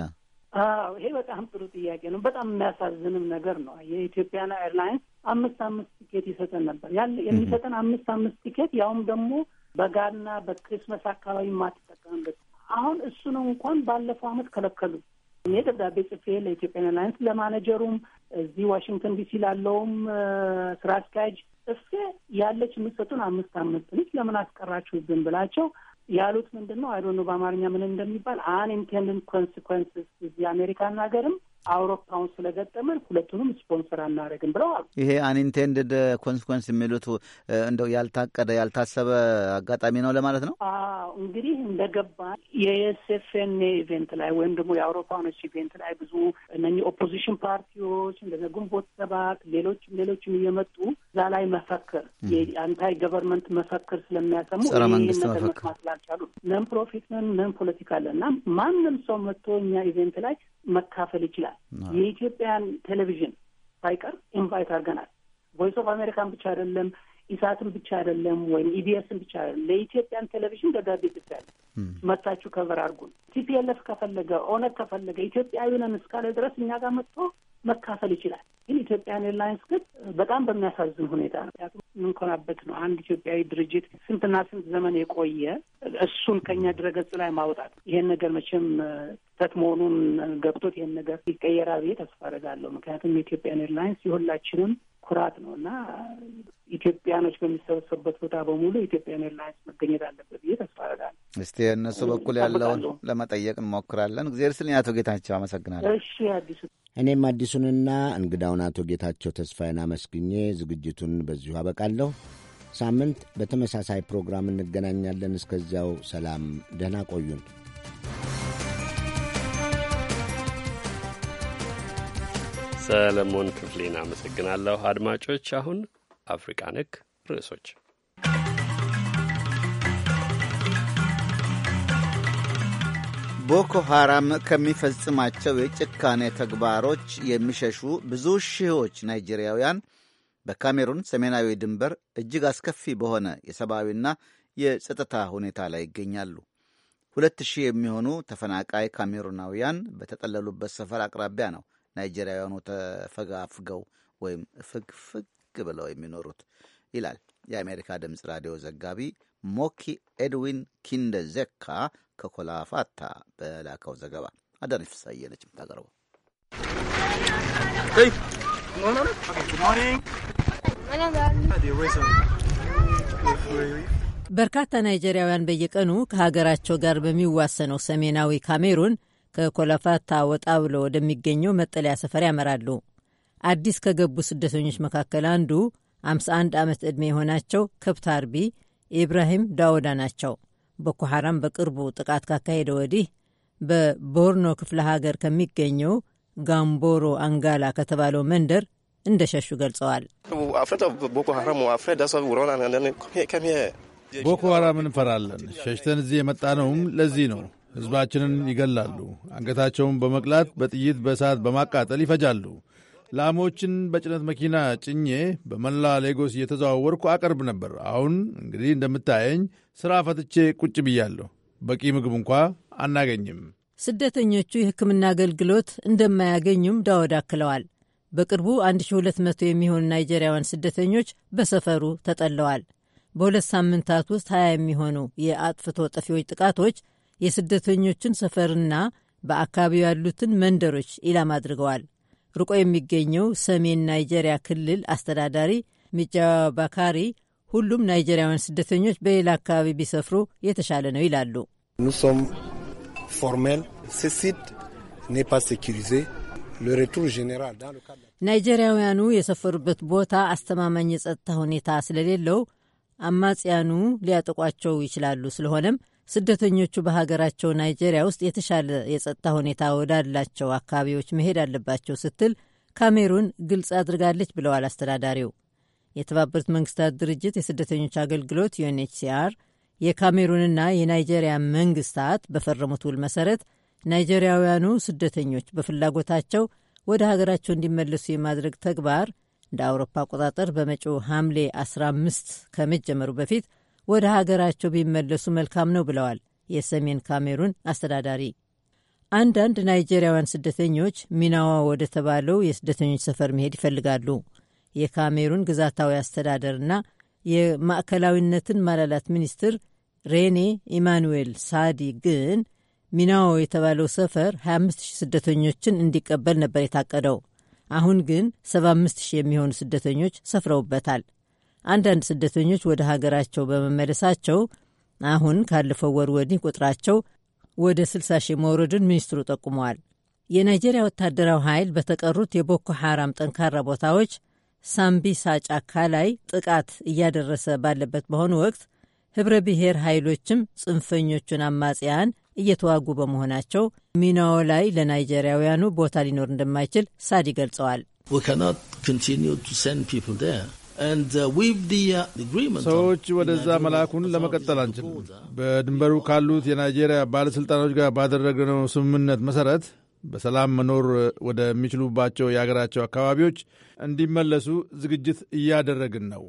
አዎ ይሄ በጣም ጥሩ ጥያቄ ነው። በጣም የሚያሳዝንም ነገር ነው። የኢትዮጵያን ኤርላይንስ አምስት አምስት ቲኬት ይሰጠን ነበር። ያለ የሚሰጠን አምስት አምስት ቲኬት ያውም ደግሞ በጋና በክሪስመስ አካባቢ የማትጠቀምበት አሁን እሱን እንኳን ባለፈው አመት ከለከሉ። እኔ ደብዳቤ ጽፌ ለኢትዮጵያን ኤርላይንስ ለማኔጀሩም፣ እዚህ ዋሽንግተን ዲሲ ላለውም ስራ አስኪያጅ ጽፌ ያለች የምትሰጡን አምስት አምስት ልጅ ለምን አስቀራችሁብን ብላቸው ያሉት ምንድን ነው አይዶኖ በአማርኛ ምን እንደሚባል አንኢንቴንድን ኮንስኮንስ እዚህ አሜሪካን ሀገርም አውሮፓውን ስለገጠመን ሁለቱንም ስፖንሰር አናደርግም ብለው አሉ። ይሄ አንኢንቴንድድ ኮንስኮንስ የሚሉት እንደው ያልታቀደ ያልታሰበ አጋጣሚ ነው ለማለት ነው። አዎ እንግዲህ እንደገባ የኤስኤፍኤን ኢቬንት ላይ ወይም ደግሞ የአውሮፓኖች ኢቬንት ላይ ብዙ እነ ኦፖዚሽን ፓርቲዎች እንደ ግንቦት ሰባት ሌሎችም ሌሎችም እየመጡ እዛ ላይ መፈክር የአንታይ ገቨርንመንት መፈክር ስለሚያሰሙ ጸረ መንግስት መፈክር ስላልቻሉ ነን ፕሮፊት ነን ነን ፖለቲካ አለ እና ማንም ሰው መጥቶ እኛ ኢቬንት ላይ መካፈል ይችላል። የኢትዮጵያን ቴሌቪዥን ሳይቀር ኢንቫይት አድርገናል። ቮይስ ኦፍ አሜሪካን ብቻ አይደለም፣ ኢሳትን ብቻ አይደለም፣ ወይም ኢቢኤስን ብቻ አይደለም። ለኢትዮጵያን ቴሌቪዥን ደጋቢ ትታል መታችሁ ከበር አድርጉን። ቲፒኤልኤፍ ከፈለገ ኦነግ ከፈለገ ኢትዮጵያዊ ነን እስካለ ድረስ እኛ ጋር መጥቶ መካፈል ይችላል። ግን ኢትዮጵያን ኤርላይንስ ግን በጣም በሚያሳዝን ሁኔታ ነው። ምክንያቱም የምንኮራበት ነው። አንድ ኢትዮጵያዊ ድርጅት ስንትና ስንት ዘመን የቆየ እሱን ከኛ ድረገጽ ላይ ማውጣት ይሄን ነገር መቼም ስህተት መሆኑን ገብቶት ይህን ነገር ይቀየራ ብዬ ተስፋ አደርጋለሁ። ምክንያቱም የኢትዮጵያን ኤርላይንስ የሁላችንም ኩራት ነው እና ኢትዮጵያኖች በሚሰበሰቡበት ቦታ በሙሉ ኢትዮጵያን ኤርላይንስ መገኘት አለበት ብዬ ተስፋ አደርጋለሁ። እስቲ እነሱ በኩል ያለውን ለመጠየቅ እንሞክራለን። እግዚአብሔር ስልኝ አቶ ጌታቸው አመሰግናለሁ። እሺ አዲሱ፣ እኔም አዲሱንና እንግዳውን አቶ ጌታቸው ተስፋዬን አመስግኜ ዝግጅቱን በዚሁ አበቃለሁ። ሳምንት በተመሳሳይ ፕሮግራም እንገናኛለን። እስከዚያው ሰላም፣ ደህና ቆዩን። ሰለሞን ክፍሌን አመሰግናለሁ። አድማጮች፣ አሁን አፍሪቃ ነክ ርዕሶች ቦኮ ሃራም ከሚፈጽማቸው የጭካኔ ተግባሮች የሚሸሹ ብዙ ሺዎች ናይጄሪያውያን በካሜሩን ሰሜናዊ ድንበር እጅግ አስከፊ በሆነ የሰብአዊና የጸጥታ ሁኔታ ላይ ይገኛሉ። ሁለት ሺህ የሚሆኑ ተፈናቃይ ካሜሩናውያን በተጠለሉበት ሰፈር አቅራቢያ ነው ናይጄሪያውያኑ ተፈጋፍገው ወይም ፍግፍግ ብለው የሚኖሩት ይላል የአሜሪካ ድምፅ ራዲዮ ዘጋቢ ሞኪ ኤድዊን ኪንደዜካ ከኮላፋታ በላከው ዘገባ። አዳነች ፍሳዬ ነች የምታቀርበው። በርካታ ናይጄሪያውያን በየቀኑ ከሀገራቸው ጋር በሚዋሰነው ሰሜናዊ ካሜሩን ከኮላፋታ ወጣ ብሎ ወደሚገኘው መጠለያ ሰፈር ያመራሉ። አዲስ ከገቡ ስደተኞች መካከል አንዱ 51 ዓመት ዕድሜ የሆናቸው ከብት አርቢ ኢብራሂም ዳውዳ ናቸው። ቦኮ ሐራም በቅርቡ ጥቃት ካካሄደ ወዲህ በቦርኖ ክፍለ ሀገር ከሚገኘው ጋምቦሮ አንጋላ ከተባለው መንደር እንደሸሹ ገልጸዋል። ቦኮ ሐራም እንፈራለን። ሸሽተን እዚህ የመጣነውም ለዚህ ነው። ሕዝባችንን ይገላሉ። አንገታቸውን በመቅላት በጥይት በእሳት በማቃጠል ይፈጃሉ። ላሞችን በጭነት መኪና ጭኜ በመላ ሌጎስ እየተዘዋወርኩ አቀርብ ነበር። አሁን እንግዲህ እንደምታየኝ ሥራ ፈትቼ ቁጭ ብያለሁ። በቂ ምግብ እንኳ አናገኝም። ስደተኞቹ የሕክምና አገልግሎት እንደማያገኙም ዳወድ አክለዋል። በቅርቡ 1200 የሚሆኑ ናይጄሪያውያን ስደተኞች በሰፈሩ ተጠለዋል። በሁለት ሳምንታት ውስጥ 20 የሚሆኑ የአጥፍቶ ጠፊዎች ጥቃቶች የስደተኞችን ሰፈርና በአካባቢው ያሉትን መንደሮች ኢላማ አድርገዋል። ርቆ የሚገኘው ሰሜን ናይጄሪያ ክልል አስተዳዳሪ ሚጃዋ ባካሪ ሁሉም ናይጄሪያውያን ስደተኞች በሌላ አካባቢ ቢሰፍሩ የተሻለ ነው ይላሉ። ናይጄሪያውያኑ የሰፈሩበት ቦታ አስተማማኝ የጸጥታ ሁኔታ ስለሌለው አማጽያኑ ሊያጠቋቸው ይችላሉ። ስለሆነም ስደተኞቹ በሀገራቸው ናይጄሪያ ውስጥ የተሻለ የጸጥታ ሁኔታ ወዳላቸው አካባቢዎች መሄድ አለባቸው ስትል ካሜሩን ግልጽ አድርጋለች ብለዋል አስተዳዳሪው። የተባበሩት መንግስታት ድርጅት የስደተኞች አገልግሎት ዩኤንኤችሲአር የካሜሩንና የናይጄሪያ መንግስታት በፈረሙት ውል መሰረት ናይጄሪያውያኑ ስደተኞች በፍላጎታቸው ወደ ሀገራቸው እንዲመለሱ የማድረግ ተግባር እንደ አውሮፓ አቆጣጠር በመጪው ሐምሌ 15 ከመጀመሩ በፊት ወደ ሀገራቸው ቢመለሱ መልካም ነው ብለዋል የሰሜን ካሜሩን አስተዳዳሪ። አንዳንድ ናይጄሪያውያን ስደተኞች ሚናዋ ወደ ተባለው የስደተኞች ሰፈር መሄድ ይፈልጋሉ። የካሜሩን ግዛታዊ አስተዳደርና የማዕከላዊነትን ማላላት ሚኒስትር ሬኔ ኢማኑዌል ሳዲ ግን ሚናዎ የተባለው ሰፈር 25000 ስደተኞችን እንዲቀበል ነበር የታቀደው። አሁን ግን 75000 የሚሆኑ ስደተኞች ሰፍረውበታል። አንዳንድ ስደተኞች ወደ ሀገራቸው በመመለሳቸው አሁን ካለፈው ወር ወዲህ ቁጥራቸው ወደ 60 ሺህ መውረዱን ሚኒስትሩ ጠቁመዋል። የናይጄሪያ ወታደራዊ ኃይል በተቀሩት የቦኮ ሐራም ጠንካራ ቦታዎች ሳምቢሳ ጫካ ላይ ጥቃት እያደረሰ ባለበት በሆኑ ወቅት ህብረ ብሔር ኃይሎችም ጽንፈኞቹን አማጽያን እየተዋጉ በመሆናቸው ሚናው ላይ ለናይጄሪያውያኑ ቦታ ሊኖር እንደማይችል ሳዲ ገልጸዋል። Uh, uh, ሰዎች ወደዛ መላኩን ለመቀጠል አንችልም። በድንበሩ ካሉት የናይጄሪያ ባለሥልጣኖች ጋር ባደረግነው ስምምነት መሠረት በሰላም መኖር ወደሚችሉባቸው የአገራቸው አካባቢዎች እንዲመለሱ ዝግጅት እያደረግን ነው።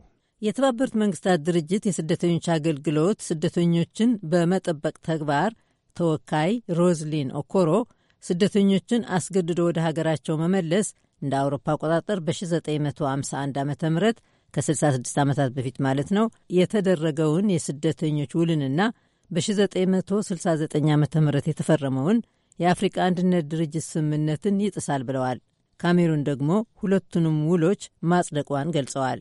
የተባበሩት መንግስታት ድርጅት የስደተኞች አገልግሎት ስደተኞችን በመጠበቅ ተግባር ተወካይ ሮዝሊን ኦኮሮ ስደተኞችን አስገድዶ ወደ ሀገራቸው መመለስ እንደ አውሮፓ አቆጣጠር በ1951 ዓ ም ከ66 ዓመታት በፊት ማለት ነው የተደረገውን የስደተኞች ውልንና በ1969 ዓ ም የተፈረመውን የአፍሪቃ አንድነት ድርጅት ስምምነትን ይጥሳል ብለዋል። ካሜሩን ደግሞ ሁለቱንም ውሎች ማጽደቋን ገልጸዋል።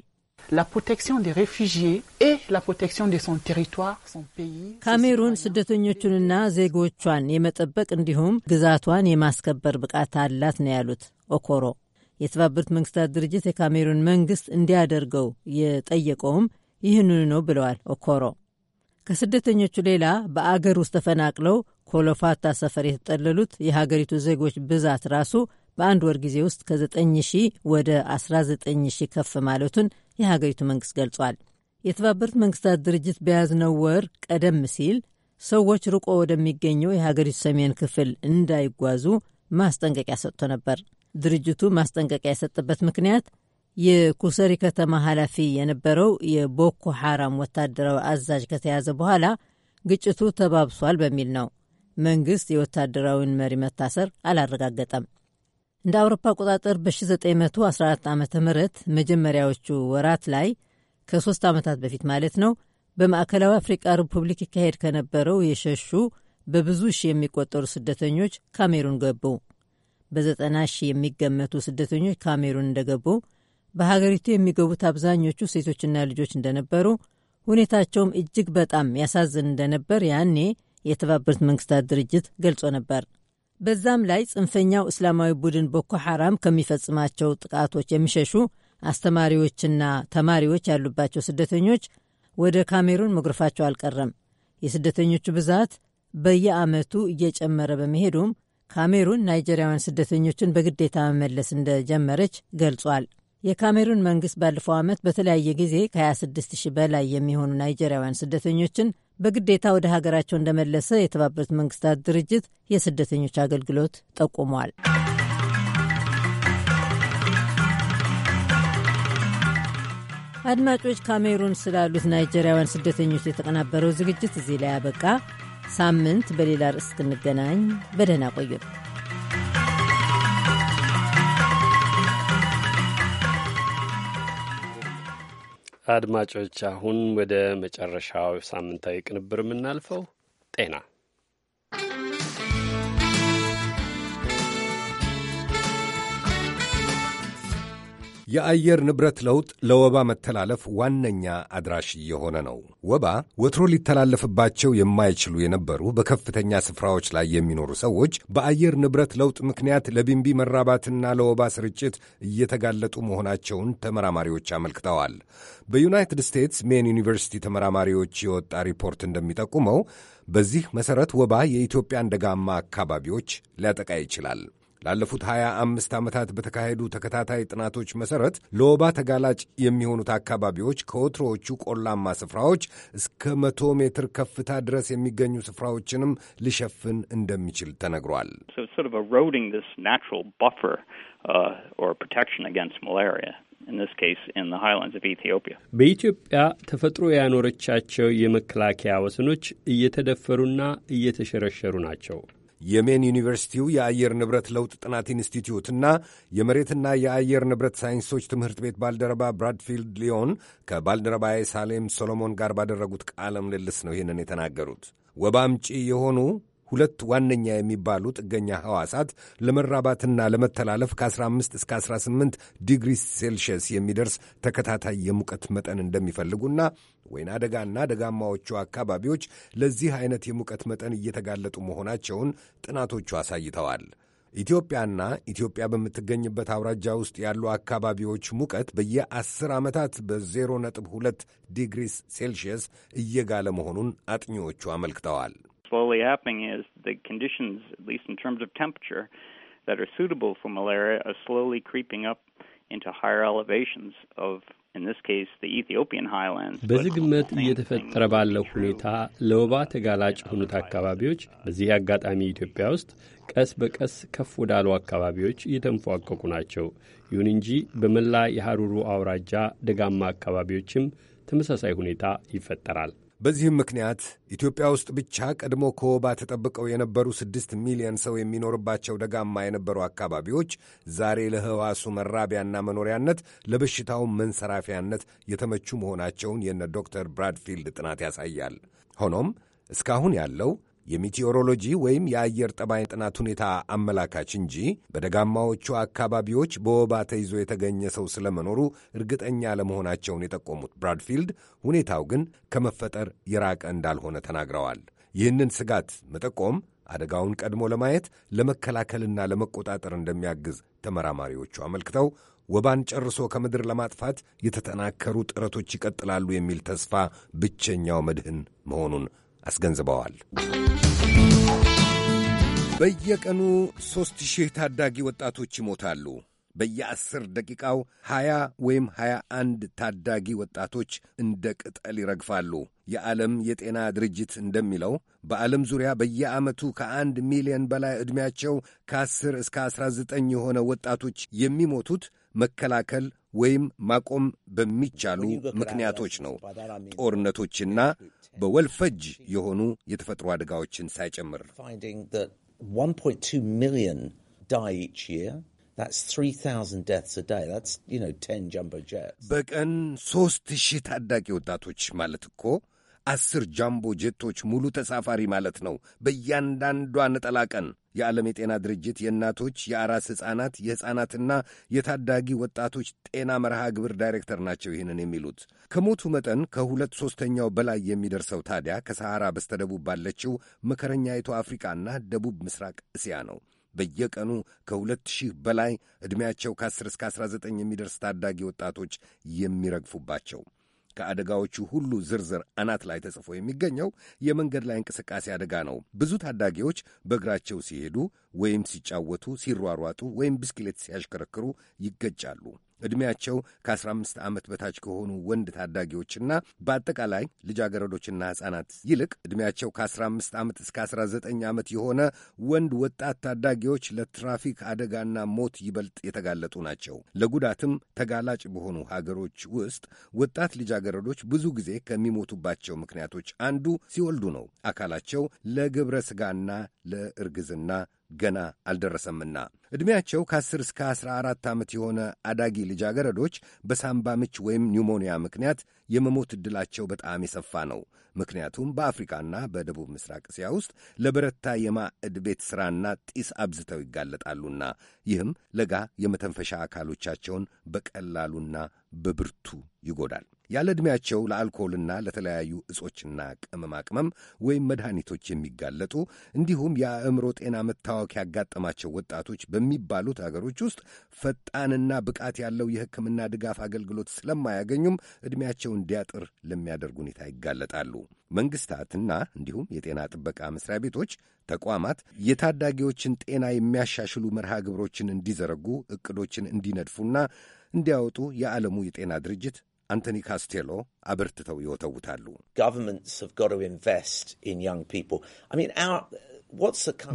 ካሜሩን ስደተኞቹንና ዜጎቿን የመጠበቅ እንዲሁም ግዛቷን የማስከበር ብቃት አላት ነው ያሉት ኦኮሮ። የተባበሩት መንግስታት ድርጅት የካሜሩን መንግስት እንዲያደርገው የጠየቀውም ይህንኑ ነው ብለዋል ኦኮሮ። ከስደተኞቹ ሌላ በአገር ውስጥ ተፈናቅለው ኮሎፋታ ሰፈር የተጠለሉት የሀገሪቱ ዜጎች ብዛት ራሱ በአንድ ወር ጊዜ ውስጥ ከ9 ሺህ ወደ 19 ሺህ ከፍ ማለቱን የሀገሪቱ መንግስት ገልጿል። የተባበሩት መንግስታት ድርጅት በያዝነው ወር ቀደም ሲል ሰዎች ርቆ ወደሚገኘው የሀገሪቱ ሰሜን ክፍል እንዳይጓዙ ማስጠንቀቂያ ሰጥቶ ነበር። ድርጅቱ ማስጠንቀቂያ የሰጠበት ምክንያት የኩሰሪ ከተማ ኃላፊ የነበረው የቦኮ ሐራም ወታደራዊ አዛዥ ከተያዘ በኋላ ግጭቱ ተባብሷል በሚል ነው። መንግሥት የወታደራዊን መሪ መታሰር አላረጋገጠም። እንደ አውሮፓ አቆጣጠር በ1914 ዓ ም መጀመሪያዎቹ ወራት ላይ ከሦስት ዓመታት በፊት ማለት ነው በማዕከላዊ አፍሪቃ ሪፑብሊክ ይካሄድ ከነበረው የሸሹ በብዙ ሺህ የሚቆጠሩ ስደተኞች ካሜሩን ገቡ። በዘጠና ሺህ የሚገመቱ ስደተኞች ካሜሩን እንደገቡ በሀገሪቱ የሚገቡት አብዛኞቹ ሴቶችና ልጆች እንደነበሩ ሁኔታቸውም እጅግ በጣም ያሳዝን እንደነበር ያኔ የተባበሩት መንግስታት ድርጅት ገልጾ ነበር። በዛም ላይ ጽንፈኛው እስላማዊ ቡድን ቦኮ ሐራም ከሚፈጽማቸው ጥቃቶች የሚሸሹ አስተማሪዎችና ተማሪዎች ያሉባቸው ስደተኞች ወደ ካሜሩን መጉረፋቸው አልቀረም። የስደተኞቹ ብዛት በየዓመቱ እየጨመረ በመሄዱም ካሜሩን ናይጄሪያውያን ስደተኞችን በግዴታ መመለስ እንደጀመረች ገልጿል። የካሜሩን መንግስት ባለፈው ዓመት በተለያየ ጊዜ ከ26 ሺህ በላይ የሚሆኑ ናይጄሪያውያን ስደተኞችን በግዴታ ወደ ሀገራቸው እንደመለሰ የተባበሩት መንግስታት ድርጅት የስደተኞች አገልግሎት ጠቁሟል። አድማጮች፣ ካሜሩን ስላሉት ናይጄሪያውያን ስደተኞች የተቀናበረው ዝግጅት እዚህ ላይ አበቃ። ሳምንት በሌላ ርዕስ እስክንገናኝ በደህና ቆዩን። አድማጮች አሁን ወደ መጨረሻው ሳምንታዊ ቅንብር የምናልፈው ጤና የአየር ንብረት ለውጥ ለወባ መተላለፍ ዋነኛ አድራሽ እየሆነ ነው። ወባ ወትሮ ሊተላለፍባቸው የማይችሉ የነበሩ በከፍተኛ ስፍራዎች ላይ የሚኖሩ ሰዎች በአየር ንብረት ለውጥ ምክንያት ለቢንቢ መራባትና ለወባ ስርጭት እየተጋለጡ መሆናቸውን ተመራማሪዎች አመልክተዋል። በዩናይትድ ስቴትስ ሜን ዩኒቨርሲቲ ተመራማሪዎች የወጣ ሪፖርት እንደሚጠቁመው በዚህ መሠረት ወባ የኢትዮጵያን ደጋማ አካባቢዎች ሊያጠቃ ይችላል። ላለፉት 25 ዓመታት በተካሄዱ ተከታታይ ጥናቶች መሠረት ለወባ ተጋላጭ የሚሆኑት አካባቢዎች ከወትሮዎቹ ቆላማ ስፍራዎች እስከ መቶ ሜትር ከፍታ ድረስ የሚገኙ ስፍራዎችንም ሊሸፍን እንደሚችል ተነግሯል። uh, በኢትዮጵያ ተፈጥሮ ያኖረቻቸው የመከላከያ ወሰኖች እየተደፈሩና እየተሸረሸሩ ናቸው። የሜን ዩኒቨርሲቲው የአየር ንብረት ለውጥ ጥናት ኢንስቲትዩት እና የመሬትና የአየር ንብረት ሳይንሶች ትምህርት ቤት ባልደረባ ብራድፊልድ ሊዮን ከባልደረባ ሳሌም ሶሎሞን ጋር ባደረጉት ቃለ ምልልስ ነው ይህንን የተናገሩት። ወባ አምጪ የሆኑ ሁለት ዋነኛ የሚባሉ ጥገኛ ህዋሳት ለመራባትና ለመተላለፍ ከ15 እስከ 18 ዲግሪ ሴልሽየስ የሚደርስ ተከታታይ የሙቀት መጠን እንደሚፈልጉና ወይና ደጋና ደጋማዎቹ አካባቢዎች ለዚህ አይነት የሙቀት መጠን እየተጋለጡ መሆናቸውን ጥናቶቹ አሳይተዋል። ኢትዮጵያና ኢትዮጵያ በምትገኝበት አውራጃ ውስጥ ያሉ አካባቢዎች ሙቀት በየአስር ዓመታት በ0.2 ዲግሪስ ሴልሽየስ እየጋለ መሆኑን አጥኚዎቹ አመልክተዋል። slowly happening is the conditions, at least in terms of temperature, that are suitable for malaria are slowly creeping up into higher elevations of in this case the Ethiopian highlands. በዝግመት እየተፈጠረ ባለው ሁኔታ ለወባ ተጋላጭ የሆኑት አካባቢዎች በዚህ አጋጣሚ ኢትዮጵያ ውስጥ ቀስ በቀስ ከፍ ወዳሉ አካባቢዎች እየተንፏቀቁ ናቸው። ይሁን እንጂ በመላ የሐሩሩ አውራጃ ደጋማ አካባቢዎችም ተመሳሳይ ሁኔታ ይፈጠራል። በዚህም ምክንያት ኢትዮጵያ ውስጥ ብቻ ቀድሞ ከወባ ተጠብቀው የነበሩ ስድስት ሚሊዮን ሰው የሚኖርባቸው ደጋማ የነበሩ አካባቢዎች ዛሬ ለሕዋሱ መራቢያና መኖሪያነት ለበሽታው መንሰራፊያነት የተመቹ መሆናቸውን የነ ዶክተር ብራድፊልድ ጥናት ያሳያል። ሆኖም እስካሁን ያለው የሚቴዎሮሎጂ ወይም የአየር ጠባይ ጥናት ሁኔታ አመላካች እንጂ በደጋማዎቹ አካባቢዎች በወባ ተይዞ የተገኘ ሰው ስለመኖሩ እርግጠኛ ለመሆናቸውን የጠቆሙት ብራድፊልድ ሁኔታው ግን ከመፈጠር የራቀ እንዳልሆነ ተናግረዋል። ይህንን ስጋት መጠቆም አደጋውን ቀድሞ ለማየት ለመከላከልና ለመቆጣጠር እንደሚያግዝ ተመራማሪዎቹ አመልክተው ወባን ጨርሶ ከምድር ለማጥፋት የተጠናከሩ ጥረቶች ይቀጥላሉ የሚል ተስፋ ብቸኛው መድህን መሆኑን አስገንዝበዋል። በየቀኑ ሦስት ሺህ ታዳጊ ወጣቶች ይሞታሉ። በየአስር ደቂቃው 20 ወይም 21 ታዳጊ ወጣቶች እንደ ቅጠል ይረግፋሉ። የዓለም የጤና ድርጅት እንደሚለው በዓለም ዙሪያ በየዓመቱ ከአንድ ሚሊዮን በላይ ዕድሜያቸው ከ10 እስከ 19 የሆነ ወጣቶች የሚሞቱት መከላከል ወይም ማቆም በሚቻሉ ምክንያቶች ነው። ጦርነቶችና በወልፈጅ የሆኑ የተፈጥሮ አደጋዎችን ሳይጨምር በቀን ሦስት ሺህ ታዳጊ ወጣቶች ማለት እኮ አስር ጃምቦ ጄቶች ሙሉ ተሳፋሪ ማለት ነው። በእያንዳንዷ ነጠላ ቀን የዓለም የጤና ድርጅት የእናቶች የአራስ ሕፃናት የሕፃናትና የታዳጊ ወጣቶች ጤና መርሃ ግብር ዳይሬክተር ናቸው ይህንን የሚሉት። ከሞቱ መጠን ከሁለት ሦስተኛው በላይ የሚደርሰው ታዲያ ከሰሐራ በስተደቡብ ባለችው መከረኛይቱ አፍሪቃና ደቡብ ምስራቅ እስያ ነው። በየቀኑ ከሁለት ሺህ በላይ ዕድሜያቸው ከ10 እስከ 19 የሚደርስ ታዳጊ ወጣቶች የሚረግፉባቸው ከአደጋዎቹ ሁሉ ዝርዝር አናት ላይ ተጽፎ የሚገኘው የመንገድ ላይ እንቅስቃሴ አደጋ ነው። ብዙ ታዳጊዎች በእግራቸው ሲሄዱ ወይም ሲጫወቱ፣ ሲሯሯጡ ወይም ብስክሌት ሲያሽከረክሩ ይገጫሉ። ዕድሜያቸው ከ15 ዓመት በታች ከሆኑ ወንድ ታዳጊዎችና በአጠቃላይ ልጃገረዶችና ሕፃናት ይልቅ ዕድሜያቸው ከ15 ዓመት እስከ 19 ዓመት የሆነ ወንድ ወጣት ታዳጊዎች ለትራፊክ አደጋና ሞት ይበልጥ የተጋለጡ ናቸው። ለጉዳትም ተጋላጭ በሆኑ ሀገሮች ውስጥ ወጣት ልጃገረዶች ብዙ ጊዜ ከሚሞቱባቸው ምክንያቶች አንዱ ሲወልዱ ነው። አካላቸው ለግብረ ሥጋና ለእርግዝና ገና አልደረሰምና ዕድሜያቸው ከ10 እስከ 14 ዓመት የሆነ አዳጊ ልጃገረዶች በሳምባ ምች ወይም ኒውሞኒያ ምክንያት የመሞት ዕድላቸው በጣም የሰፋ ነው። ምክንያቱም በአፍሪካና በደቡብ ምስራቅ እስያ ውስጥ ለበረታ የማዕድ ቤት ሥራና ጢስ አብዝተው ይጋለጣሉና ይህም ለጋ የመተንፈሻ አካሎቻቸውን በቀላሉና በብርቱ ይጎዳል። ያለ ዕድሜያቸው ለአልኮልና ለተለያዩ እጾችና ቅመማ ቅመም ወይም መድኃኒቶች የሚጋለጡ እንዲሁም የአእምሮ ጤና መታወክ ያጋጠማቸው ወጣቶች በሚባሉት አገሮች ውስጥ ፈጣንና ብቃት ያለው የሕክምና ድጋፍ አገልግሎት ስለማያገኙም ዕድሜያቸው እንዲያጥር ለሚያደርግ ሁኔታ ይጋለጣሉ። መንግስታትና እንዲሁም የጤና ጥበቃ መስሪያ ቤቶች ተቋማት የታዳጊዎችን ጤና የሚያሻሽሉ መርሃ ግብሮችን እንዲዘረጉ እቅዶችን እንዲነድፉና እንዲያወጡ የዓለሙ የጤና ድርጅት አንቶኒ ካስቴሎ አበርትተው ይወተውታሉ።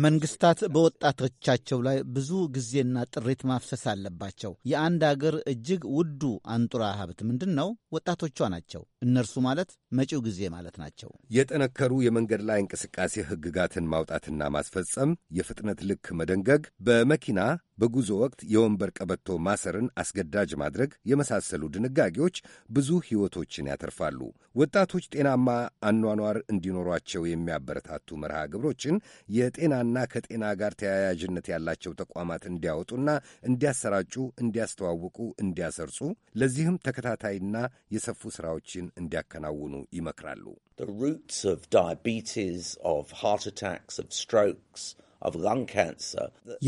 መንግስታት በወጣቶቻቸው ላይ ብዙ ጊዜና ጥሪት ማፍሰስ አለባቸው። የአንድ አገር እጅግ ውዱ አንጡራ ሀብት ምንድን ነው? ወጣቶቿ ናቸው። እነርሱ ማለት መጪው ጊዜ ማለት ናቸው። የጠነከሩ የመንገድ ላይ እንቅስቃሴ ህግጋትን ማውጣትና ማስፈጸም፣ የፍጥነት ልክ መደንገግ፣ በመኪና በጉዞ ወቅት የወንበር ቀበቶ ማሰርን አስገዳጅ ማድረግ የመሳሰሉ ድንጋጌዎች ብዙ ሕይወቶችን ያተርፋሉ። ወጣቶች ጤናማ አኗኗር እንዲኖሯቸው የሚያበረታቱ መርሃ ግብሮችን የጤናና ከጤና ጋር ተያያዥነት ያላቸው ተቋማት እንዲያወጡና እንዲያሰራጩ፣ እንዲያስተዋውቁ፣ እንዲያሰርጹ ለዚህም ተከታታይና የሰፉ ስራዎችን እንዲያከናውኑ ይመክራሉ።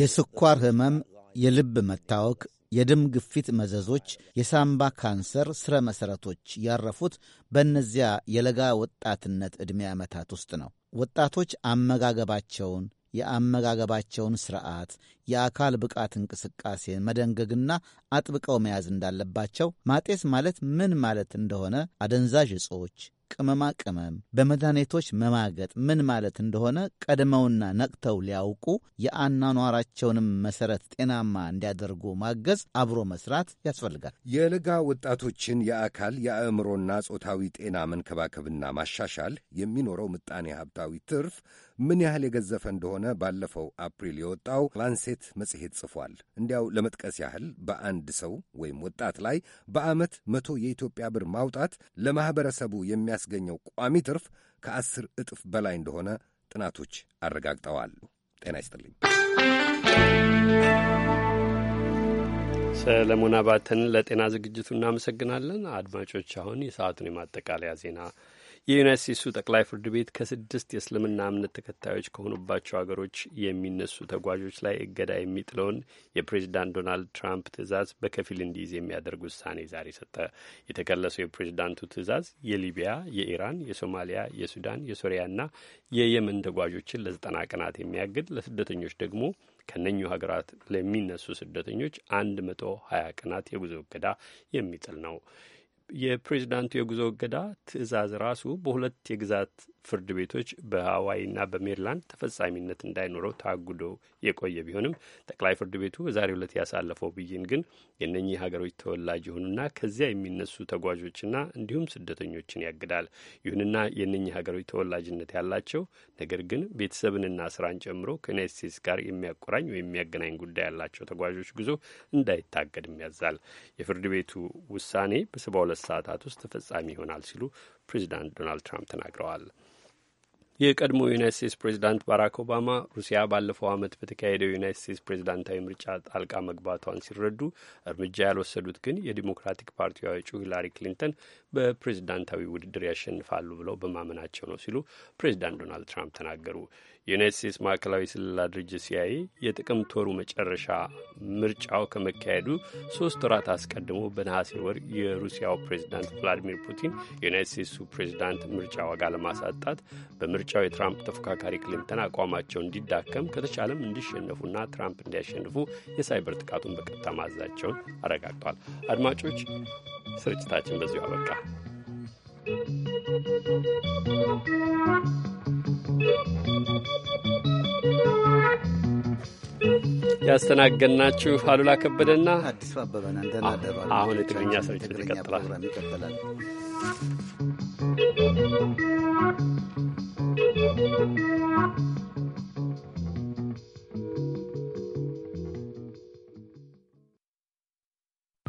የስኳር ህመም፣ የልብ መታወክ የደም ግፊት መዘዞች፣ የሳምባ ካንሰር ስረ መሠረቶች ያረፉት በእነዚያ የለጋ ወጣትነት ዕድሜ ዓመታት ውስጥ ነው። ወጣቶች አመጋገባቸውን የአመጋገባቸውን ስርዓት የአካል ብቃት እንቅስቃሴን መደንገግና አጥብቀው መያዝ እንዳለባቸው ማጤስ ማለት ምን ማለት እንደሆነ አደንዛዥ እጾች ቅመማ ቅመም በመድኃኒቶች መማገጥ ምን ማለት እንደሆነ ቀድመውና ነቅተው ሊያውቁ የአናኗራቸውንም መሰረት ጤናማ እንዲያደርጉ ማገዝ፣ አብሮ መስራት ያስፈልጋል። የለጋ ወጣቶችን የአካል የአእምሮና ጾታዊ ጤና መንከባከብና ማሻሻል የሚኖረው ምጣኔ ሀብታዊ ትርፍ ምን ያህል የገዘፈ እንደሆነ ባለፈው አፕሪል የወጣው ላንሴት መጽሔት ጽፏል። እንዲያው ለመጥቀስ ያህል በአንድ ሰው ወይም ወጣት ላይ በዓመት መቶ የኢትዮጵያ ብር ማውጣት ለማኅበረሰቡ የሚያ የሚያስገኘው ቋሚ ትርፍ ከአስር እጥፍ በላይ እንደሆነ ጥናቶች አረጋግጠዋል። ጤና ይስጥልኝ። ሰለሞን አባተን ለጤና ዝግጅቱ እናመሰግናለን። አድማጮች፣ አሁን የሰዓቱን የማጠቃለያ ዜና የዩናይት ስቴትሱ ጠቅላይ ፍርድ ቤት ከስድስት የእስልምና እምነት ተከታዮች ከሆኑባቸው ሀገሮች የሚነሱ ተጓዦች ላይ እገዳ የሚጥለውን የፕሬዚዳንት ዶናልድ ትራምፕ ትዕዛዝ በከፊል እንዲይዝ የሚያደርግ ውሳኔ ዛሬ ሰጠ። የተከለሰው የፕሬዚዳንቱ ትዕዛዝ የሊቢያ፣ የኢራን፣ የሶማሊያ፣ የሱዳን፣ የሶሪያና የየመን ተጓዦችን ለዘጠና ቀናት የሚያግድ ለስደተኞች ደግሞ ከነኙ ሀገራት ለሚነሱ ስደተኞች አንድ መቶ ሀያ ቀናት የጉዞ እገዳ የሚጥል ነው። የፕሬዚዳንቱ የጉዞ እገዳ ትዕዛዝ ራሱ በሁለት የግዛት ፍርድ ቤቶች በሀዋይና በሜሪላንድ ተፈጻሚነት እንዳይኖረው ታግዶ የቆየ ቢሆንም ጠቅላይ ፍርድ ቤቱ በዛሬ ዕለት ያሳለፈው ብይን ግን የእነኚህ ሀገሮች ተወላጅ የሆኑና ከዚያ የሚነሱ ተጓዦችና እንዲሁም ስደተኞችን ያግዳል። ይሁንና የእነኚህ ሀገሮች ተወላጅነት ያላቸው ነገር ግን ቤተሰብንና ስራን ጨምሮ ከዩናይት ስቴትስ ጋር የሚያቆራኝ ወይም የሚያገናኝ ጉዳይ ያላቸው ተጓዦች ጉዞ እንዳይታገድም ያዛል። የፍርድ ቤቱ ውሳኔ በሰባ ሁለት ሰዓታት ውስጥ ተፈጻሚ ይሆናል ሲሉ ፕሬዚዳንት ዶናልድ ትራምፕ ተናግረዋል። የቀድሞ ዩናይት ስቴትስ ፕሬዚዳንት ባራክ ኦባማ ሩሲያ ባለፈው ዓመት በተካሄደው ዩናይት ስቴትስ ፕሬዚዳንታዊ ምርጫ ጣልቃ መግባቷን ሲረዱ እርምጃ ያልወሰዱት ግን የዲሞክራቲክ ፓርቲዋ እጩ ሂላሪ ክሊንተን በፕሬዝዳንታዊ ውድድር ያሸንፋሉ ብለው በማመናቸው ነው ሲሉ ፕሬዝዳንት ዶናልድ ትራምፕ ተናገሩ። የዩናይት ስቴትስ ማዕከላዊ ስለላ ድርጅት ሲአይኤ የጥቅምት ወሩ መጨረሻ ምርጫው ከመካሄዱ ሶስት ወራት አስቀድሞ በነሐሴ ወር የሩሲያው ፕሬዝዳንት ቭላዲሚር ፑቲን የዩናይት ስቴትሱ ፕሬዝዳንት ምርጫ ዋጋ ለማሳጣት በምርጫው የትራምፕ ተፎካካሪ ክሊንተን አቋማቸው እንዲዳከም ከተቻለም እንዲሸነፉና ትራምፕ እንዲያሸንፉ የሳይበር ጥቃቱን በቀጥታ ማዛቸውን አረጋግጧል። አድማጮች ስርጭታችን በዚሁ አበቃ። ያስተናገድናችሁ አሉላ ከበደና አዲሱ አበበና እንደናደሩ አሁን የትግርኛ ስርጭት ይቀጥላል። Thank you.